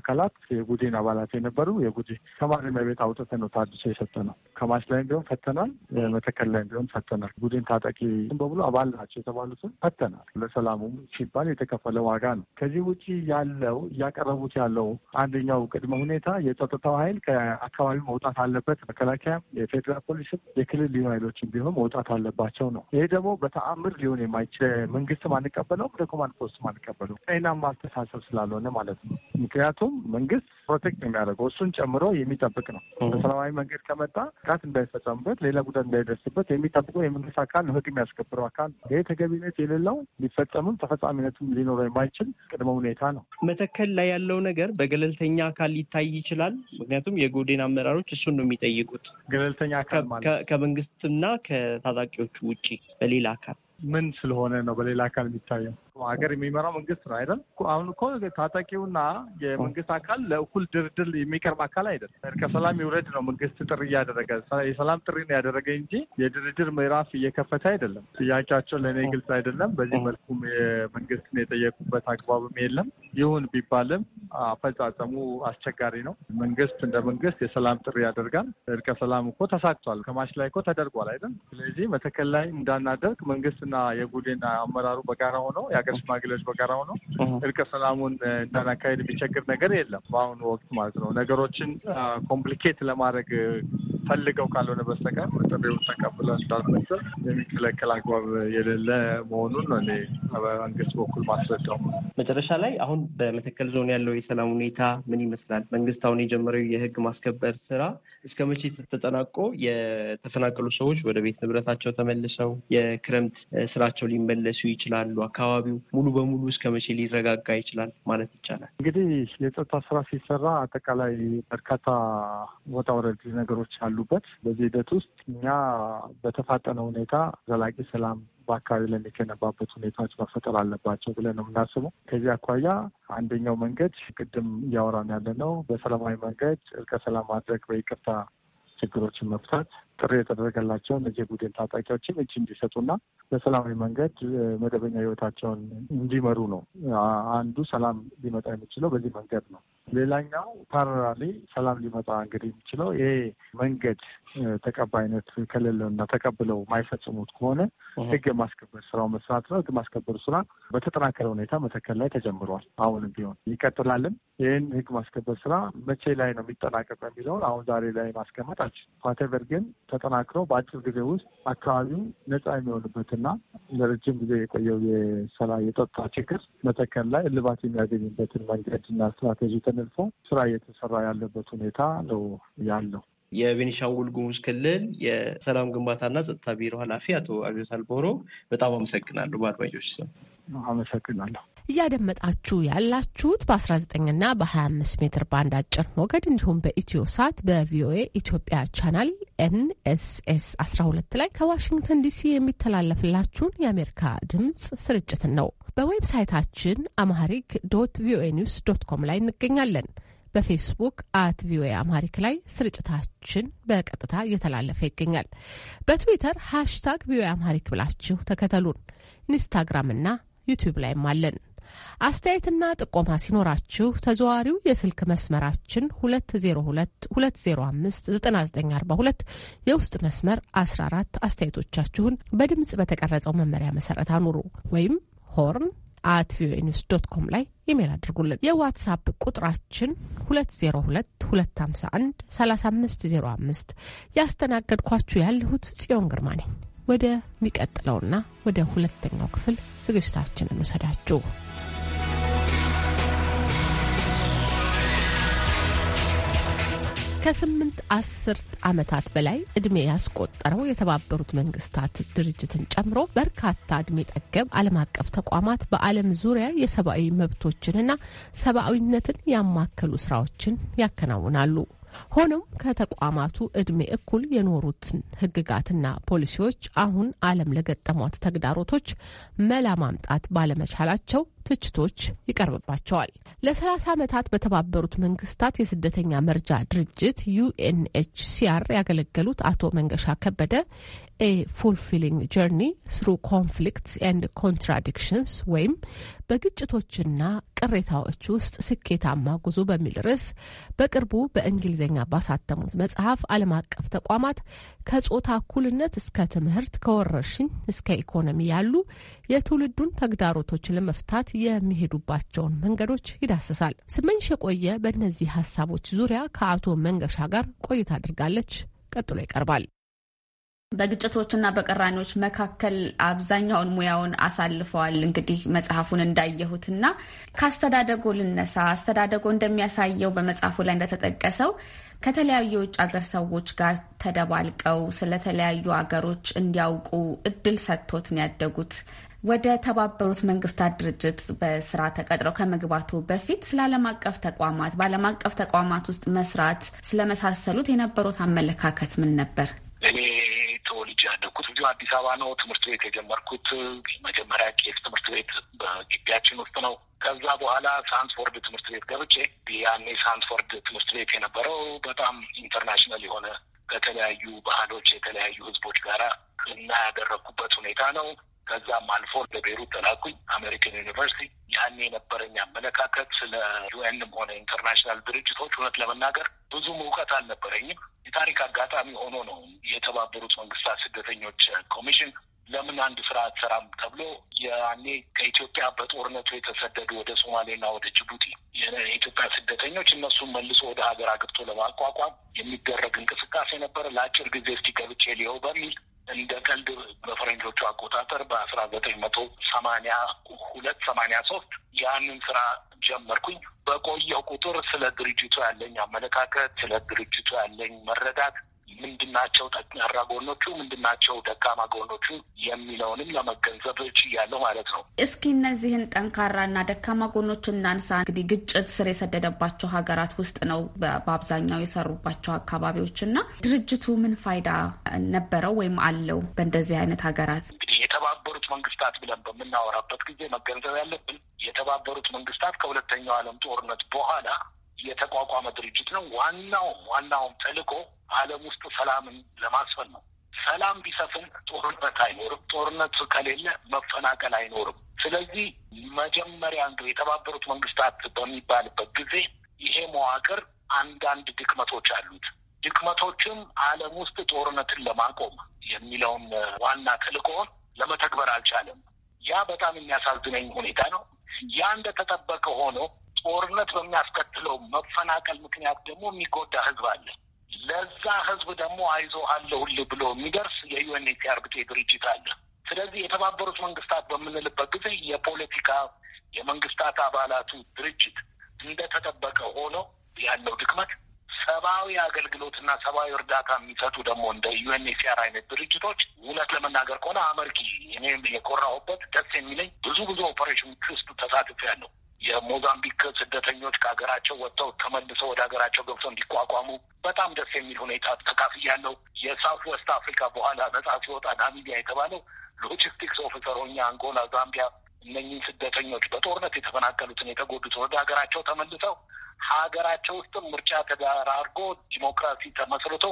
አካላት የጉዴን አባላት የነበሩ የጉዴ ከማረሚያ ቤት አውጥተ ነው ታድሶ የሰጠ ነው። ከማሽ ላይ እንዲሆን ፈተናል፣ መተከል ላይ እንዲሆን ፈተናል። ጉዴን ታጠቂ በሙሉ አባል ናቸው የተባሉትን ፈተናል። ተከራክረናል። ለሰላሙም ሲባል የተከፈለ ዋጋ ነው። ከዚህ ውጭ ያለው እያቀረቡት ያለው አንደኛው ቅድመ ሁኔታ የጸጥታው ኃይል ከአካባቢ መውጣት አለበት። መከላከያ፣ የፌዴራል ፖሊስም የክልል ልዩ ኃይሎችም ቢሆን መውጣት አለባቸው ነው። ይሄ ደግሞ በተአምር ሊሆን የማይችል መንግስትም አንቀበለውም፣ ለኮማንድ ፖስትም አንቀበለውም። ጤናማ አስተሳሰብ ስላልሆነ ማለት ነው። ምክንያቱም መንግስት ፕሮቴክት የሚያደርገው እሱን ጨምሮ የሚጠብቅ ነው። በሰላማዊ መንገድ ከመጣ ጥቃት እንዳይፈጸምበት፣ ሌላ ጉዳት እንዳይደርስበት የሚጠብቁ የመንግስት አካል ነው፣ ህግ የሚያስከብረው አካል ይሄ ተገቢነት የሌለው ያለው ሊፈጸምም ተፈጻሚነቱም ሊኖረው የማይችል ቅድመ ሁኔታ ነው። መተከል ላይ ያለው ነገር በገለልተኛ አካል ሊታይ ይችላል። ምክንያቱም የጎዴን አመራሮች እሱን ነው የሚጠይቁት። ገለልተኛ አካል ማለት ከመንግስትና ከታጣቂዎቹ ውጭ በሌላ አካል ምን ስለሆነ ነው በሌላ አካል የሚታየው? ሀገር የሚመራው መንግስት ነው አይደል? አሁን እኮ ታጣቂውና የመንግስት አካል ለእኩል ድርድር የሚቀርብ አካል አይደል። እርቀ ሰላም ይውረድ ነው መንግስት ጥሪ እያደረገ የሰላም ጥሪ ነው ያደረገ እንጂ የድርድር ምዕራፍ እየከፈተ አይደለም። ጥያቄያቸው ለእኔ ግልጽ አይደለም። በዚህ መልኩም የመንግስትን የጠየቁበት አግባብም የለም። ይሁን ቢባልም አፈጻጸሙ አስቸጋሪ ነው። መንግስት እንደ መንግስት የሰላም ጥሪ ያደርጋል። እርቀ ሰላም እኮ ተሳክቷል። ከማሽ ላይ እኮ ተደርጓል አይደል? ስለዚህ መተከል ላይ እንዳናደርግ መንግስትና የጉዴና አመራሩ በጋራ ሆነው ከሀገር ሽማግሌዎች በጋራ ሆኖ እርቀ ሰላሙን እንዳናካሄድ የሚቸግር ነገር የለም በአሁኑ ወቅት ማለት ነው። ነገሮችን ኮምፕሊኬት ለማድረግ ፈልገው ካልሆነ በስተቀር ጥሪውን ተቀብለው እንዳልመሰል የሚከለከል አግባብ የሌለ መሆኑን እኔ በመንግስት በኩል ማስረዳው። መጨረሻ ላይ አሁን በመተከል ዞን ያለው የሰላም ሁኔታ ምን ይመስላል? መንግስት አሁን የጀመረው የህግ ማስከበር ስራ እስከ መቼ ተጠናቆ የተፈናቀሉ ሰዎች ወደ ቤት ንብረታቸው ተመልሰው የክረምት ስራቸው ሊመለሱ ይችላሉ? አካባቢው ሙሉ በሙሉ እስከ መቼ ሊረጋጋ ይችላል ማለት ይቻላል? እንግዲህ የጸጥታ ስራ ሲሰራ አጠቃላይ በርካታ ወጣ ወረድ ነገሮች አሉ አሉበት። በዚህ ሂደት ውስጥ እኛ በተፋጠነ ሁኔታ ዘላቂ ሰላም በአካባቢ ለሚገነባበት ሁኔታዎች መፈጠር አለባቸው ብለን ነው የምናስበው። ከዚህ አኳያ አንደኛው መንገድ ቅድም እያወራን ያለ ነው፣ በሰላማዊ መንገድ እርቀ ሰላም ማድረግ፣ በይቅርታ ችግሮችን መፍታት ጥሪ የተደረገላቸውን እዚህ ቡድን ታጣቂዎችን እጅ እንዲሰጡና በሰላማዊ መንገድ መደበኛ ህይወታቸውን እንዲመሩ ነው። አንዱ ሰላም ሊመጣ የሚችለው በዚህ መንገድ ነው። ሌላኛው ፓራራሊ ሰላም ሊመጣ እንግዲህ የሚችለው ይሄ መንገድ ተቀባይነት ከሌለው እና ተቀብለው ማይፈጽሙት ከሆነ ህግ የማስከበር ስራው መስራት ነው። ህግ ማስከበር ስራ በተጠናከረ ሁኔታ መተከል ላይ ተጀምሯል። አሁንም ቢሆን ይቀጥላልም። ይህን ህግ ማስከበር ስራ መቼ ላይ ነው የሚጠናቀቅ የሚለውን አሁን ዛሬ ላይ ማስቀመጥ አልችልም። ፋቴቨር ግን ተጠናክረው በአጭር ጊዜ ውስጥ አካባቢው ነጻ የሚሆንበትና ለረጅም ጊዜ የቆየው የሰላ የጸጥታ ችግር መተከል ላይ እልባት የሚያገኝበትን መንገድና ስትራቴጂ ተነድፎ ስራ እየተሰራ ያለበት ሁኔታ ነው ያለው። የቤኒሻንጉል ጉሙዝ ክልል የሰላም ግንባታና ጸጥታ ቢሮ ኃላፊ አቶ አብዮት አልቦሮ በጣም አመሰግናለሁ። በአድማጮች ስም አመሰግናለሁ። እያደመጣችሁ ያላችሁት በ19ና በ25 ሜትር ባንድ አጭር ሞገድ እንዲሁም በኢትዮ ሳት በቪኦኤ ኢትዮጵያ ቻናል ኤንኤስኤስ 12 ላይ ከዋሽንግተን ዲሲ የሚተላለፍላችሁን የአሜሪካ ድምፅ ስርጭትን ነው። በዌብሳይታችን አማሪክ ዶት ቪኦኤ ኒውስ ዶት ኮም ላይ እንገኛለን። በፌስቡክ አት ቪኦኤ አማሪክ ላይ ስርጭታችን በቀጥታ እየተላለፈ ይገኛል። በትዊተር ሃሽታግ ቪኦኤ አማሪክ ብላችሁ ተከተሉን። ኢንስታግራም እና ዩቲዩብ ላይም አለን። አስተያየትና ጥቆማ ሲኖራችሁ ተዘዋሪው የስልክ መስመራችን 2022059942 የውስጥ መስመር 14 አስተያየቶቻችሁን በድምፅ በተቀረጸው መመሪያ መሰረት አኑሩ ወይም ሆርን አት ቪኦኤ ኒውስ ዶት ኮም ላይ ኢሜል አድርጉልን። የዋትሳፕ ቁጥራችን 2022513505 ያስተናገድኳችሁ ያለሁት ጽዮን ግርማ ነኝ። ወደ ሚቀጥለውና ወደ ሁለተኛው ክፍል ዝግጅታችንን ውሰዳችሁ። ከስምንት አስርት ዓመታት በላይ እድሜ ያስቆጠረው የተባበሩት መንግስታት ድርጅትን ጨምሮ በርካታ እድሜ ጠገብ ዓለም አቀፍ ተቋማት በዓለም ዙሪያ የሰብአዊ መብቶችንና ሰብአዊነትን ያማከሉ ስራዎችን ያከናውናሉ። ሆኖም ከተቋማቱ እድሜ እኩል የኖሩትን ህግጋትና ፖሊሲዎች አሁን ዓለም ለገጠሟት ተግዳሮቶች መላ ማምጣት ባለመቻላቸው ትችቶች ይቀርብባቸዋል። ለሰላሳ ዓመታት በተባበሩት መንግስታት የስደተኛ መርጃ ድርጅት ዩኤንኤችሲአር ያገለገሉት አቶ መንገሻ ከበደ ኤ ፉልፊሊንግ ጀርኒ ስሩ ኮንፍሊክትስ ኤንድ ኮንትራዲክሽንስ ወይም በግጭቶችና ቅሬታዎች ውስጥ ስኬታማ ጉዞ በሚል ርዕስ በቅርቡ በእንግሊዝኛ ባሳተሙት መጽሐፍ ዓለም አቀፍ ተቋማት ከጾታ እኩልነት እስከ ትምህርት፣ ከወረርሽኝ እስከ ኢኮኖሚ ያሉ የትውልዱን ተግዳሮቶች ለመፍታት የሚሄዱባቸውን መንገዶች ይዳስሳል። ስመኝሽ የቆየ በእነዚህ ሀሳቦች ዙሪያ ከአቶ መንገሻ ጋር ቆይታ አድርጋለች። ቀጥሎ ይቀርባል። በግጭቶችና በቀራኒዎች መካከል አብዛኛውን ሙያውን አሳልፈዋል። እንግዲህ መጽሐፉን እንዳየሁትና ከአስተዳደጎ ልነሳ። አስተዳደጎ እንደሚያሳየው በመጽሐፉ ላይ እንደተጠቀሰው ከተለያዩ የውጭ ሀገር ሰዎች ጋር ተደባልቀው ስለተለያዩ ሀገሮች እንዲያውቁ እድል ሰጥቶት ነው ያደጉት። ወደ ተባበሩት መንግስታት ድርጅት በስራ ተቀጥረው ከመግባቱ በፊት ስለ ዓለም አቀፍ ተቋማት በዓለም አቀፍ ተቋማት ውስጥ መስራት ስለመሳሰሉት የነበሩት አመለካከት ምን ነበር? እኔ ተወልጄ ያደግኩት እዚሁ አዲስ አበባ ነው። ትምህርት ቤት የጀመርኩት መጀመሪያ ቄስ ትምህርት ቤት በግቢያችን ውስጥ ነው። ከዛ በኋላ ሳንስፎርድ ትምህርት ቤት ገብቼ ያኔ ሳንስፎርድ ትምህርት ቤት የነበረው በጣም ኢንተርናሽናል የሆነ ከተለያዩ ባህሎች የተለያዩ ህዝቦች ጋራ እና ያደረግኩበት ሁኔታ ነው። ከዛም አልፎ ቤሩት ተላኩኝ አሜሪካን ዩኒቨርሲቲ። ያኔ የነበረኝ አመለካከት ስለ ዩኤንም ሆነ ኢንተርናሽናል ድርጅቶች እውነት ለመናገር ብዙም እውቀት አልነበረኝም። የታሪክ አጋጣሚ ሆኖ ነው የተባበሩት መንግስታት ስደተኞች ኮሚሽን ለምን አንድ ስራ አትሰራም ተብሎ ያኔ ከኢትዮጵያ በጦርነቱ የተሰደዱ ወደ ሶማሌና ወደ ጅቡቲ የኢትዮጵያ ስደተኞች እነሱን መልሶ ወደ ሀገር አግብቶ ለማቋቋም የሚደረግ እንቅስቃሴ ነበረ። ለአጭር ጊዜ እስቲ ገብቼ ሊሆው በሚል እንደ ቀልድ በፈረንጆቹ አቆጣጠር በአስራ ዘጠኝ መቶ ሰማኒያ ሁለት ሰማኒያ ሶስት ያንን ስራ ጀመርኩኝ። በቆየው ቁጥር ስለ ድርጅቱ ያለኝ አመለካከት፣ ስለ ድርጅቱ ያለኝ መረዳት ምንድናቸው ጠንካራ ጎኖቹ፣ ምንድናቸው ደካማ ጎኖቹ የሚለውንም ለመገንዘብ ችያለሁ ማለት ነው። እስኪ እነዚህን ጠንካራና ደካማ ጎኖች እናንሳ። እንግዲህ ግጭት ስር የሰደደባቸው ሀገራት ውስጥ ነው በአብዛኛው የሰሩባቸው አካባቢዎች እና ድርጅቱ ምን ፋይዳ ነበረው ወይም አለው በእንደዚህ አይነት ሀገራት? እንግዲህ የተባበሩት መንግስታት ብለን በምናወራበት ጊዜ መገንዘብ ያለብን የተባበሩት መንግስታት ከሁለተኛው ዓለም ጦርነት በኋላ የተቋቋመ ድርጅት ነው። ዋናውም ዋናውም ተልዕኮ ዓለም ውስጥ ሰላምን ለማስፈን ነው። ሰላም ቢሰፍን ጦርነት አይኖርም። ጦርነት ከሌለ መፈናቀል አይኖርም። ስለዚህ መጀመሪያ እንደ የተባበሩት መንግስታት በሚባልበት ጊዜ ይሄ መዋቅር አንዳንድ ድክመቶች አሉት። ድክመቶችም ዓለም ውስጥ ጦርነትን ለማቆም የሚለውን ዋና ተልዕኮውን ለመተግበር አልቻለም። ያ በጣም የሚያሳዝነኝ ሁኔታ ነው። ያ እንደተጠበቀ ሆኖ ጦርነት በሚያስከትለው መፈናቀል ምክንያት ደግሞ የሚጎዳ ህዝብ አለ። ለዛ ህዝብ ደግሞ አይዞ አለሁልህ ብሎ የሚደርስ የዩኤንኤችሲአር ብቴ ድርጅት አለ። ስለዚህ የተባበሩት መንግስታት በምንልበት ጊዜ የፖለቲካ የመንግስታት አባላቱ ድርጅት እንደተጠበቀ ሆኖ ያለው ድክመት ሰብአዊ አገልግሎትና ሰብአዊ እርዳታ የሚሰጡ ደግሞ እንደ ዩኤንኤችሲአር አይነት ድርጅቶች እውነት ለመናገር ከሆነ አመርቂ እኔም የኮራሁበት ደስ የሚለኝ ብዙ ብዙ ኦፐሬሽን ውስጥ ያለው የሞዛምቢክ ስደተኞች ከሀገራቸው ወጥተው ተመልሰው ወደ ሀገራቸው ገብተው እንዲቋቋሙ በጣም ደስ የሚል ሁኔታ ተካፍያለሁ። የሳውት ወስት አፍሪካ በኋላ ነጻ ሲወጣ ናሚቢያ የተባለው ሎጂስቲክስ ኦፊሰር ሆኜ አንጎላ፣ ዛምቢያ እነኝህን ስደተኞች በጦርነት የተፈናቀሉትን የተጎዱትን ወደ ሀገራቸው ተመልሰው ሀገራቸው ውስጥም ምርጫ ተደራርጎ ዲሞክራሲ ተመስርቶ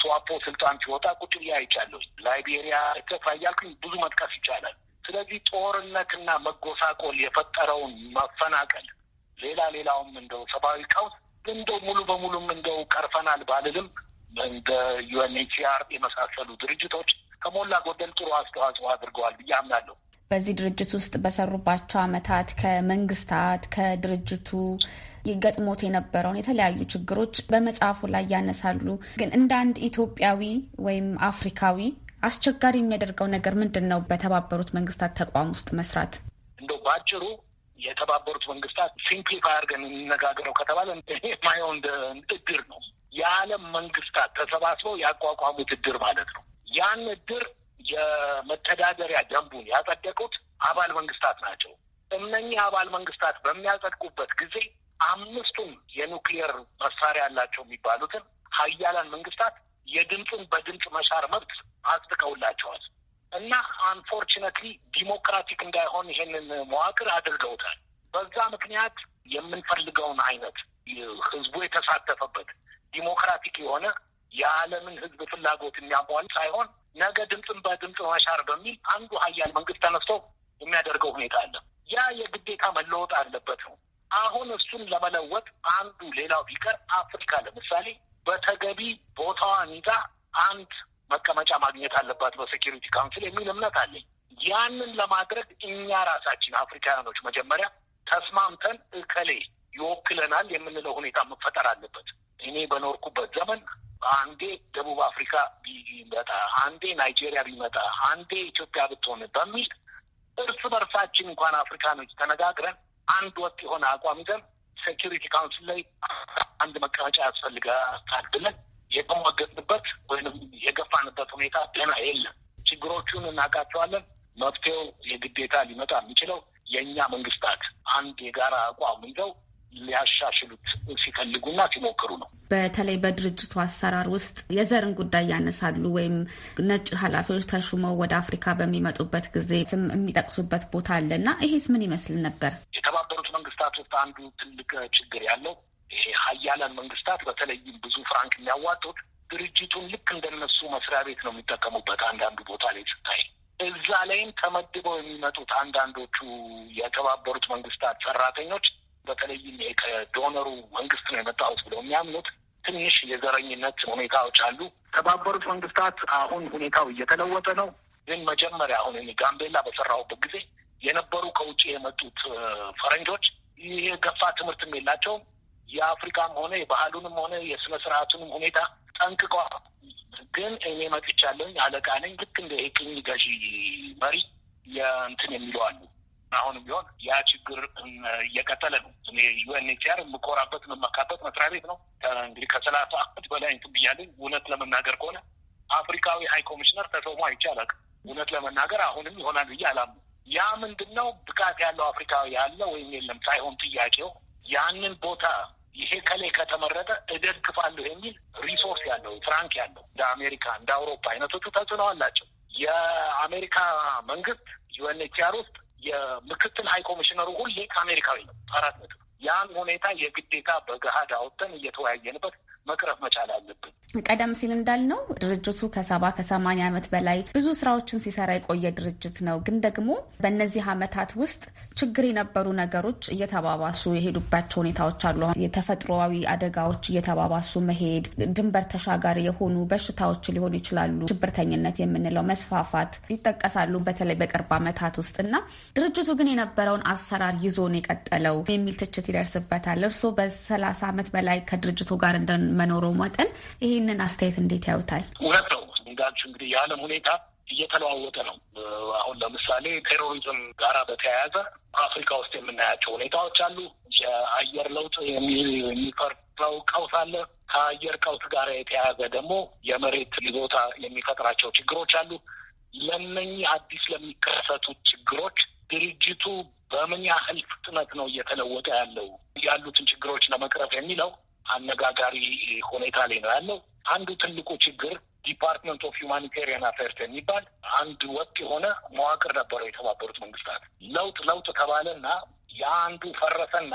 ስዋፖ ስልጣን ሲወጣ ቁጭ ብዬ አይቻለሁ። ላይቤሪያ፣ ኤርትራ እያልኩኝ ብዙ መጥቀስ ይቻላል። ስለዚህ ጦርነትና መጎሳቆል የፈጠረውን መፈናቀል፣ ሌላ ሌላውም እንደው ሰብአዊ ቀውስ እንደው ሙሉ በሙሉም እንደው ቀርፈናል ባልልም እንደ ዩኤንኤችሲአር የመሳሰሉ ድርጅቶች ከሞላ ጎደል ጥሩ አስተዋጽኦ አድርገዋል ብዬ አምናለሁ። በዚህ ድርጅት ውስጥ በሰሩባቸው አመታት ከመንግስታት ከድርጅቱ ገጥሞት የነበረውን የተለያዩ ችግሮች በመጽሐፉ ላይ ያነሳሉ። ግን እንደ አንድ ኢትዮጵያዊ ወይም አፍሪካዊ አስቸጋሪ የሚያደርገው ነገር ምንድን ነው? በተባበሩት መንግስታት ተቋም ውስጥ መስራት እንደው በአጭሩ የተባበሩት መንግስታት ሲምፕሊፋይ አድርገን የሚነጋገረው ከተባለ ማየውን እድር ነው። የዓለም መንግስታት ተሰባስበው ያቋቋሙት እድር ማለት ነው። ያን እድር የመተዳደሪያ ደንቡን ያጸደቁት አባል መንግስታት ናቸው። እነኚህ አባል መንግስታት በሚያጸድቁበት ጊዜ አምስቱም የኑክሊየር መሳሪያ ያላቸው የሚባሉትን ሀያላን መንግስታት የድምፅን በድምፅ መሻር መብት አጽድቀውላቸዋል እና አንፎርችነትሊ ዲሞክራቲክ እንዳይሆን ይሄንን መዋቅር አድርገውታል። በዛ ምክንያት የምንፈልገውን አይነት ህዝቡ የተሳተፈበት ዲሞክራቲክ የሆነ የዓለምን ህዝብ ፍላጎት የሚያሟል ሳይሆን ነገ ድምፅን በድምፅ መሻር በሚል አንዱ ሀያል መንግስት ተነስቶ የሚያደርገው ሁኔታ አለ። ያ የግዴታ መለወጥ አለበት ነው። አሁን እሱን ለመለወጥ አንዱ ሌላው ቢቀር አፍሪካ ለምሳሌ በተገቢ ቦታዋን ይዛ አንድ መቀመጫ ማግኘት አለባት በሴኪሪቲ ካውንስል የሚል እምነት አለኝ። ያንን ለማድረግ እኛ ራሳችን አፍሪካውያኖች መጀመሪያ ተስማምተን እከሌ ይወክለናል የምንለው ሁኔታ መፈጠር አለበት። እኔ በኖርኩበት ዘመን አንዴ ደቡብ አፍሪካ ቢመጣ፣ አንዴ ናይጄሪያ ቢመጣ፣ አንዴ ኢትዮጵያ ብትሆን በሚል እርስ በርሳችን እንኳን አፍሪካኖች ተነጋግረን አንድ ወጥ የሆነ አቋም ይዘን ሴኪሪቲ ካውንስል ላይ አንድ መቀመጫ ያስፈልጋታል ብለን የተሟገጥንበት ወይም የገፋንበት ሁኔታ ገና የለም። ችግሮቹን እናውቃቸዋለን። መፍትሄው የግዴታ ሊመጣ የሚችለው የእኛ መንግስታት አንድ የጋራ አቋም ይዘው ሊያሻሽሉት ሲፈልጉና ሲሞክሩ ነው። በተለይ በድርጅቱ አሰራር ውስጥ የዘርን ጉዳይ ያነሳሉ ወይም ነጭ ኃላፊዎች ተሹመው ወደ አፍሪካ በሚመጡበት ጊዜ ስም የሚጠቅሱበት ቦታ አለ እና ይሄስ ምን ይመስል ነበር? የተባበሩት መንግስታት ውስጥ አንዱ ትልቅ ችግር ያለው ይሄ ሀያላን መንግስታት በተለይም ብዙ ፍራንክ የሚያዋጡት ድርጅቱን ልክ እንደነሱ መስሪያ ቤት ነው የሚጠቀሙበት። አንዳንዱ ቦታ ላይ ስታይ እዛ ላይም ተመድበው የሚመጡት አንዳንዶቹ የተባበሩት መንግስታት ሰራተኞች በተለይም ከዶነሩ መንግስት ነው የመጣሁት ብለው የሚያምኑት ትንሽ የዘረኝነት ሁኔታዎች አሉ። ተባበሩት መንግስታት አሁን ሁኔታው እየተለወጠ ነው። ግን መጀመሪያ አሁን እኔ ጋምቤላ በሰራሁበት ጊዜ የነበሩ ከውጭ የመጡት ፈረንጆች ይሄ ገፋ ትምህርትም የላቸውም። የአፍሪካም ሆነ የባህሉንም ሆነ የስነ ስርዓቱንም ሁኔታ ጠንቅቀዋል ግን እኔ መጥቻለኝ አለቃ ነኝ ልክ እንደ ቅኝ ገዢ መሪ የእንትን የሚለው አሉ አሁንም ቢሆን ያ ችግር እየቀጠለ ነው። እኔ ዩኤንኤችሲአር የምኮራበት የምመካበት መስሪያ ቤት ነው። እንግዲህ ከሰላሳ አመት በላይ እንትን ብያለኝ። እውነት ለመናገር ከሆነ አፍሪካዊ ሀይ ኮሚሽነር ተሾሞ አይቻላል። እውነት ለመናገር አሁንም ይሆናል ብዬ አላም ያ ምንድን ነው ብቃት ያለው አፍሪካዊ ያለ ወይም የለም ሳይሆን ጥያቄው ያንን ቦታ ይሄ ከላይ ከተመረጠ እደግፋለሁ የሚል ሪሶርስ ያለው ፍራንክ ያለው እንደ አሜሪካ እንደ አውሮፓ አይነቶቹ ተጽዕኖ አላቸው። የአሜሪካ መንግስት ዩኤንኤችሲአር ውስጥ የምክትል ሀይ ኮሚሽነሩ ሁሌ ከአሜሪካዊ ነው አራት ነጥብ ያን ሁኔታ የግዴታ በገሃድ አውጥተን እየተወያየንበት መቅረብ መቻል አለብን። ቀደም ሲል እንዳልነው ድርጅቱ ከሰባ ከሰማንያ ዓመት በላይ ብዙ ስራዎችን ሲሰራ የቆየ ድርጅት ነው። ግን ደግሞ በእነዚህ ዓመታት ውስጥ ችግር የነበሩ ነገሮች እየተባባሱ የሄዱባቸው ሁኔታዎች አሉ። የተፈጥሮዊ አደጋዎች እየተባባሱ መሄድ፣ ድንበር ተሻጋሪ የሆኑ በሽታዎች ሊሆኑ ይችላሉ። ሽብርተኝነት የምንለው መስፋፋት ይጠቀሳሉ፣ በተለይ በቅርብ ዓመታት ውስጥ እና ድርጅቱ ግን የነበረውን አሰራር ይዞ የቀጠለው የሚል ትችት ይደርስበታል። እርስዎ በሰላሳ ዓመት በላይ ከድርጅቱ ጋር እንደ መኖሩ መጠን ይህንን አስተያየት እንዴት ያዩታል? እውነት ነው እንዳችሁ እንግዲህ የዓለም ሁኔታ እየተለዋወጠ ነው። አሁን ለምሳሌ ቴሮሪዝም ጋራ በተያያዘ አፍሪካ ውስጥ የምናያቸው ሁኔታዎች አሉ። የአየር ለውጥ የሚፈጥረው ቀውስ አለ። ከአየር ቀውስ ጋር የተያያዘ ደግሞ የመሬት ይዞታ የሚፈጥራቸው ችግሮች አሉ። ለእነኚህ አዲስ ለሚከሰቱ ችግሮች ድርጅቱ በምን ያህል ፍጥነት ነው እየተለወጠ ያለው ያሉትን ችግሮች ለመቅረፍ የሚለው አነጋጋሪ ሁኔታ ላይ ነው ያለው። አንዱ ትልቁ ችግር ዲፓርትመንት ኦፍ ሁማኒቴሪያን አፌርስ የሚባል አንድ ወጥ የሆነ መዋቅር ነበረው የተባበሩት መንግስታት። ለውጥ ለውጥ ተባለና የአንዱ ፈረሰና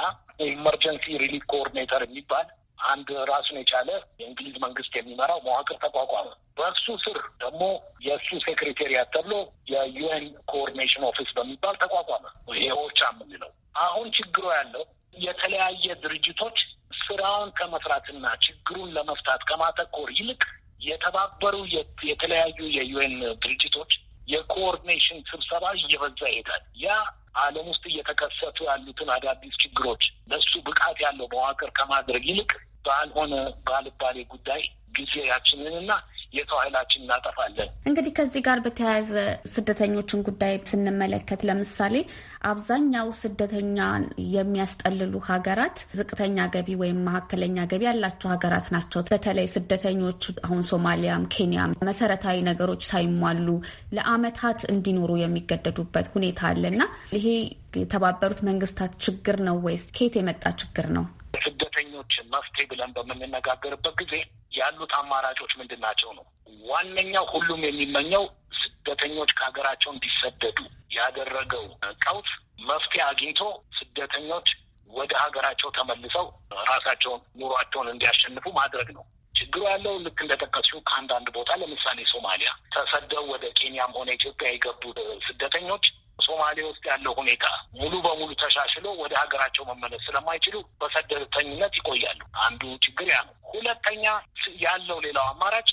ኢመርጀንሲ ሪሊፍ ኮኦርዲኔተር የሚባል አንድ ራሱን የቻለ የእንግሊዝ መንግስት የሚመራው መዋቅር ተቋቋመ። በእሱ ስር ደግሞ የእሱ ሴክሬቴሪያት ተብሎ የዩኤን ኮኦርዲኔሽን ኦፊስ በሚባል ተቋቋመ፣ ይሄ ኦቻ የምንለው። አሁን ችግሩ ያለው የተለያየ ድርጅቶች ስራውን ከመስራትና ችግሩን ለመፍታት ከማተኮር ይልቅ የተባበሩ የተለያዩ የዩኤን ድርጅቶች የኮኦርዲኔሽን ስብሰባ እየበዛ ይሄዳል። ያ ዓለም ውስጥ እየተከሰቱ ያሉትን አዳዲስ ችግሮች ለሱ ብቃት ያለው መዋቅር ከማድረግ ይልቅ ባልሆነ ባልባሌ ጉዳይ ጊዜያችንንና የሰው ኃይላችን እናጠፋለን። እንግዲህ ከዚህ ጋር በተያያዘ ስደተኞችን ጉዳይ ስንመለከት ለምሳሌ አብዛኛው ስደተኛን የሚያስጠልሉ ሀገራት ዝቅተኛ ገቢ ወይም መካከለኛ ገቢ ያላቸው ሀገራት ናቸው። በተለይ ስደተኞች አሁን ሶማሊያም፣ ኬንያም መሰረታዊ ነገሮች ሳይሟሉ ለአመታት እንዲኖሩ የሚገደዱበት ሁኔታ አለና ይሄ የተባበሩት መንግስታት ችግር ነው ወይስ ከየት የመጣ ችግር ነው? ችግሮችን መፍትሄ ብለን በምንነጋገርበት ጊዜ ያሉት አማራጮች ምንድን ናቸው ነው። ዋነኛው ሁሉም የሚመኘው ስደተኞች ከሀገራቸው እንዲሰደዱ ያደረገው ቀውስ መፍትሄ አግኝቶ ስደተኞች ወደ ሀገራቸው ተመልሰው ራሳቸውን ኑሯቸውን እንዲያሸንፉ ማድረግ ነው። ችግሩ ያለው ልክ እንደጠቀስሽው ከአንዳንድ ቦታ ለምሳሌ ሶማሊያ ተሰደው ወደ ኬንያም ሆነ ኢትዮጵያ የገቡ ስደተኞች ሶማሌ ውስጥ ያለው ሁኔታ ሙሉ በሙሉ ተሻሽሎ ወደ ሀገራቸው መመለስ ስለማይችሉ በስደተኝነት ይቆያሉ። አንዱ ችግር ያ ነው። ሁለተኛ ያለው ሌላው አማራጭ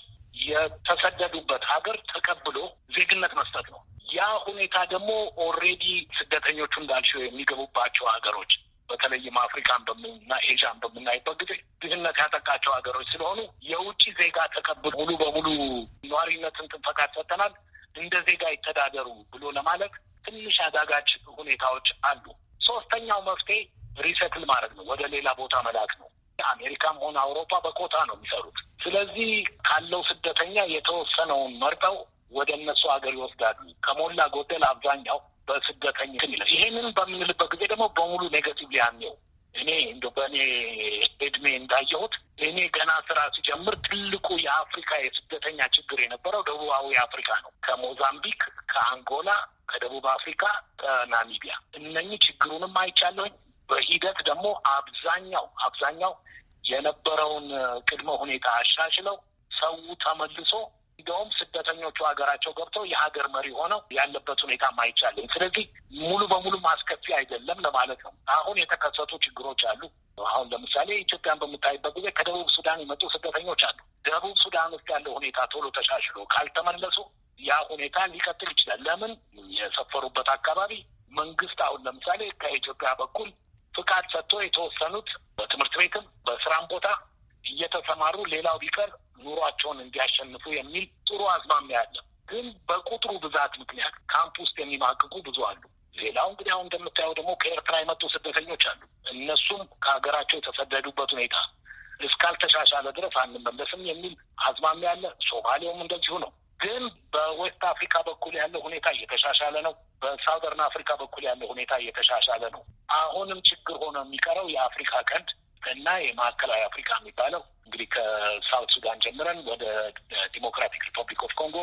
የተሰደዱበት ሀገር ተቀብሎ ዜግነት መስጠት ነው። ያ ሁኔታ ደግሞ ኦልሬዲ ስደተኞቹ እንዳልሽው የሚገቡባቸው ሀገሮች በተለይም አፍሪካን በምና ኤዥያን በምናይበት ጊዜ ድህነት ያጠቃቸው ሀገሮች ስለሆኑ የውጭ ዜጋ ተቀብሎ ሙሉ በሙሉ ነዋሪነትን ፈቃድ ሰጥተናል እንደ ዜጋ ይተዳደሩ ብሎ ለማለት ትንሽ አዳጋች ሁኔታዎች አሉ። ሶስተኛው መፍትሄ ሪሰትል ማድረግ ነው፣ ወደ ሌላ ቦታ መላክ ነው። አሜሪካም ሆነ አውሮፓ በኮታ ነው የሚሰሩት። ስለዚህ ካለው ስደተኛ የተወሰነውን መርጠው ወደ እነሱ ሀገር ይወስዳሉ። ከሞላ ጎደል አብዛኛው በስደተኛ ይሄንን በምንልበት ጊዜ ደግሞ በሙሉ ኔጋቲቭ ሊያምኘው እኔ እንደ በእኔ እድሜ እንዳየሁት እኔ ገና ስራ ሲጀምር ትልቁ የአፍሪካ የስደተኛ ችግር የነበረው ደቡባዊ አፍሪካ ነው። ከሞዛምቢክ፣ ከአንጎላ፣ ከደቡብ አፍሪካ፣ ከናሚቢያ እነኚህ ችግሩንም አይቻለሁኝ። በሂደት ደግሞ አብዛኛው አብዛኛው የነበረውን ቅድመ ሁኔታ አሻሽለው ሰው ተመልሶ እንዲያውም ስደተኞቹ ሀገራቸው ገብተው የሀገር መሪ ሆነው ያለበት ሁኔታ ማይቻለኝ። ስለዚህ ሙሉ በሙሉ አስከፊ አይደለም ለማለት ነው። አሁን የተከሰቱ ችግሮች አሉ። አሁን ለምሳሌ ኢትዮጵያን በምታይበት ጊዜ ከደቡብ ሱዳን የመጡ ስደተኞች አሉ። ደቡብ ሱዳን ውስጥ ያለው ሁኔታ ቶሎ ተሻሽሎ ካልተመለሱ ያ ሁኔታ ሊቀጥል ይችላል። ለምን የሰፈሩበት አካባቢ መንግስት አሁን ለምሳሌ ከኢትዮጵያ በኩል ፍቃድ ሰጥቶ የተወሰኑት በትምህርት ቤትም በስራም ቦታ እየተሰማሩ ሌላው ቢቀር ኑሯቸውን እንዲያሸንፉ የሚል ጥሩ አዝማሚያ አለ። ግን በቁጥሩ ብዛት ምክንያት ካምፕ ውስጥ የሚማቅቁ ብዙ አሉ። ሌላው እንግዲህ አሁን እንደምታየው ደግሞ ከኤርትራ የመጡ ስደተኞች አሉ። እነሱም ከሀገራቸው የተሰደዱበት ሁኔታ እስካልተሻሻለ ድረስ አንመለስም የሚል አዝማሚያ አለ። ሶማሌውም እንደዚሁ ነው። ግን በዌስት አፍሪካ በኩል ያለው ሁኔታ እየተሻሻለ ነው። በሳውዘርን አፍሪካ በኩል ያለው ሁኔታ እየተሻሻለ ነው። አሁንም ችግር ሆኖ የሚቀረው የአፍሪካ ቀንድ እና የማዕከላዊ አፍሪካ የሚባለው እንግዲህ ከሳውት ሱዳን ጀምረን ወደ ዲሞክራቲክ ሪፐብሊክ ኦፍ ኮንጎ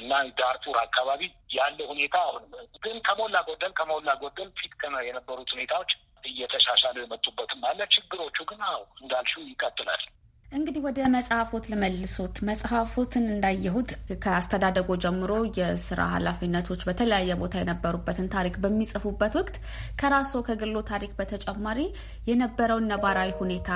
እና ዳርፉር አካባቢ ያለ ሁኔታ አሁን ግን ከሞላ ጎደል ከሞላ ጎደል ፊት የነበሩት ሁኔታዎች እየተሻሻሉ የመጡበትም አለ። ችግሮቹ ግን አዎ እንዳልሽው ይቀጥላል። እንግዲህ ወደ መጽሐፎት ልመልሶት። መጽሐፎትን እንዳየሁት ከአስተዳደጎ ጀምሮ የስራ ኃላፊነቶች በተለያየ ቦታ የነበሩበትን ታሪክ በሚጽፉበት ወቅት ከራስዎ ከግሎ ታሪክ በተጨማሪ የነበረውን ነባራዊ ሁኔታ፣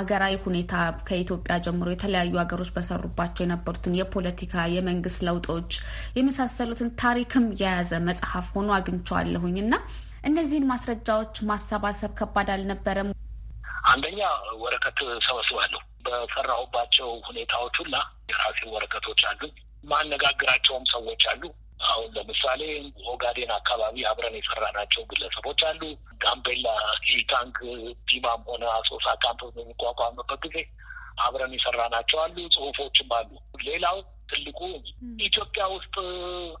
አገራዊ ሁኔታ ከኢትዮጵያ ጀምሮ የተለያዩ ሀገሮች በሰሩባቸው የነበሩትን የፖለቲካ፣ የመንግስት ለውጦች የመሳሰሉትን ታሪክም የያዘ መጽሐፍ ሆኖ አግኝቼዋለሁኝ እና እነዚህን ማስረጃዎች ማሰባሰብ ከባድ አልነበረም? አንደኛ ወረቀት ሰበስባለሁ በሰራሁባቸው ሁኔታዎች ሁላ የራሴ ወረቀቶች አሉ። ማነጋግራቸውም ሰዎች አሉ። አሁን ለምሳሌ ኦጋዴን አካባቢ አብረን የሰራናቸው ግለሰቦች አሉ። ጋምቤላ ኢታንክ ዲማም ሆነ አሶሳ ካምፕ በሚቋቋምበት ጊዜ አብረን የሰራናቸው አሉ። ጽሁፎችም አሉ። ሌላው ትልቁ ኢትዮጵያ ውስጥ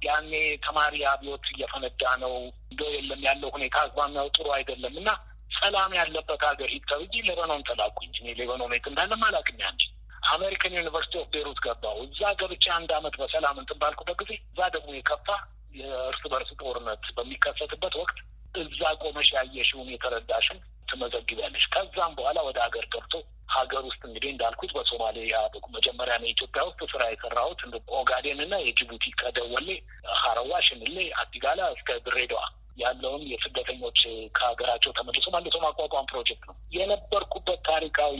ያኔ ተማሪ አብዮት እየፈነዳ ነው እንደ የለም ያለው ሁኔታ አዝማሚያው ጥሩ አይደለም እና ሰላም ያለበት ሀገር ሂድ ተብዬ ሌበኖን ተላኩኝ። እኔ ሌበኖን ቤት እንዳለም አላውቅም። አንቺ አሜሪካን ዩኒቨርሲቲ ኦፍ ቤሩት ገባሁ። እዛ ገብቼ አንድ አመት በሰላም እንትን ባልኩበት ጊዜ እዛ ደግሞ የከፋ የእርስ በርስ ጦርነት በሚከሰትበት ወቅት እዛ ቆመሽ ያየሽውን የተረዳሽን ትመዘግቢያለሽ። ከዛም በኋላ ወደ ሀገር ገብቶ ሀገር ውስጥ እንግዲህ እንዳልኩት በሶማሊያ መጀመሪያ ነው ኢትዮጵያ ውስጥ ስራ የሰራሁት ኦጋዴን እና የጅቡቲ ከደወሌ ሀረዋ ሽንሌ አዲጋላ እስከ ድሬዳዋ ያለውን የስደተኞች ከሀገራቸው ተመልሶ መልሶ ማቋቋም ፕሮጀክት ነው። የነበርኩበት ታሪካዊ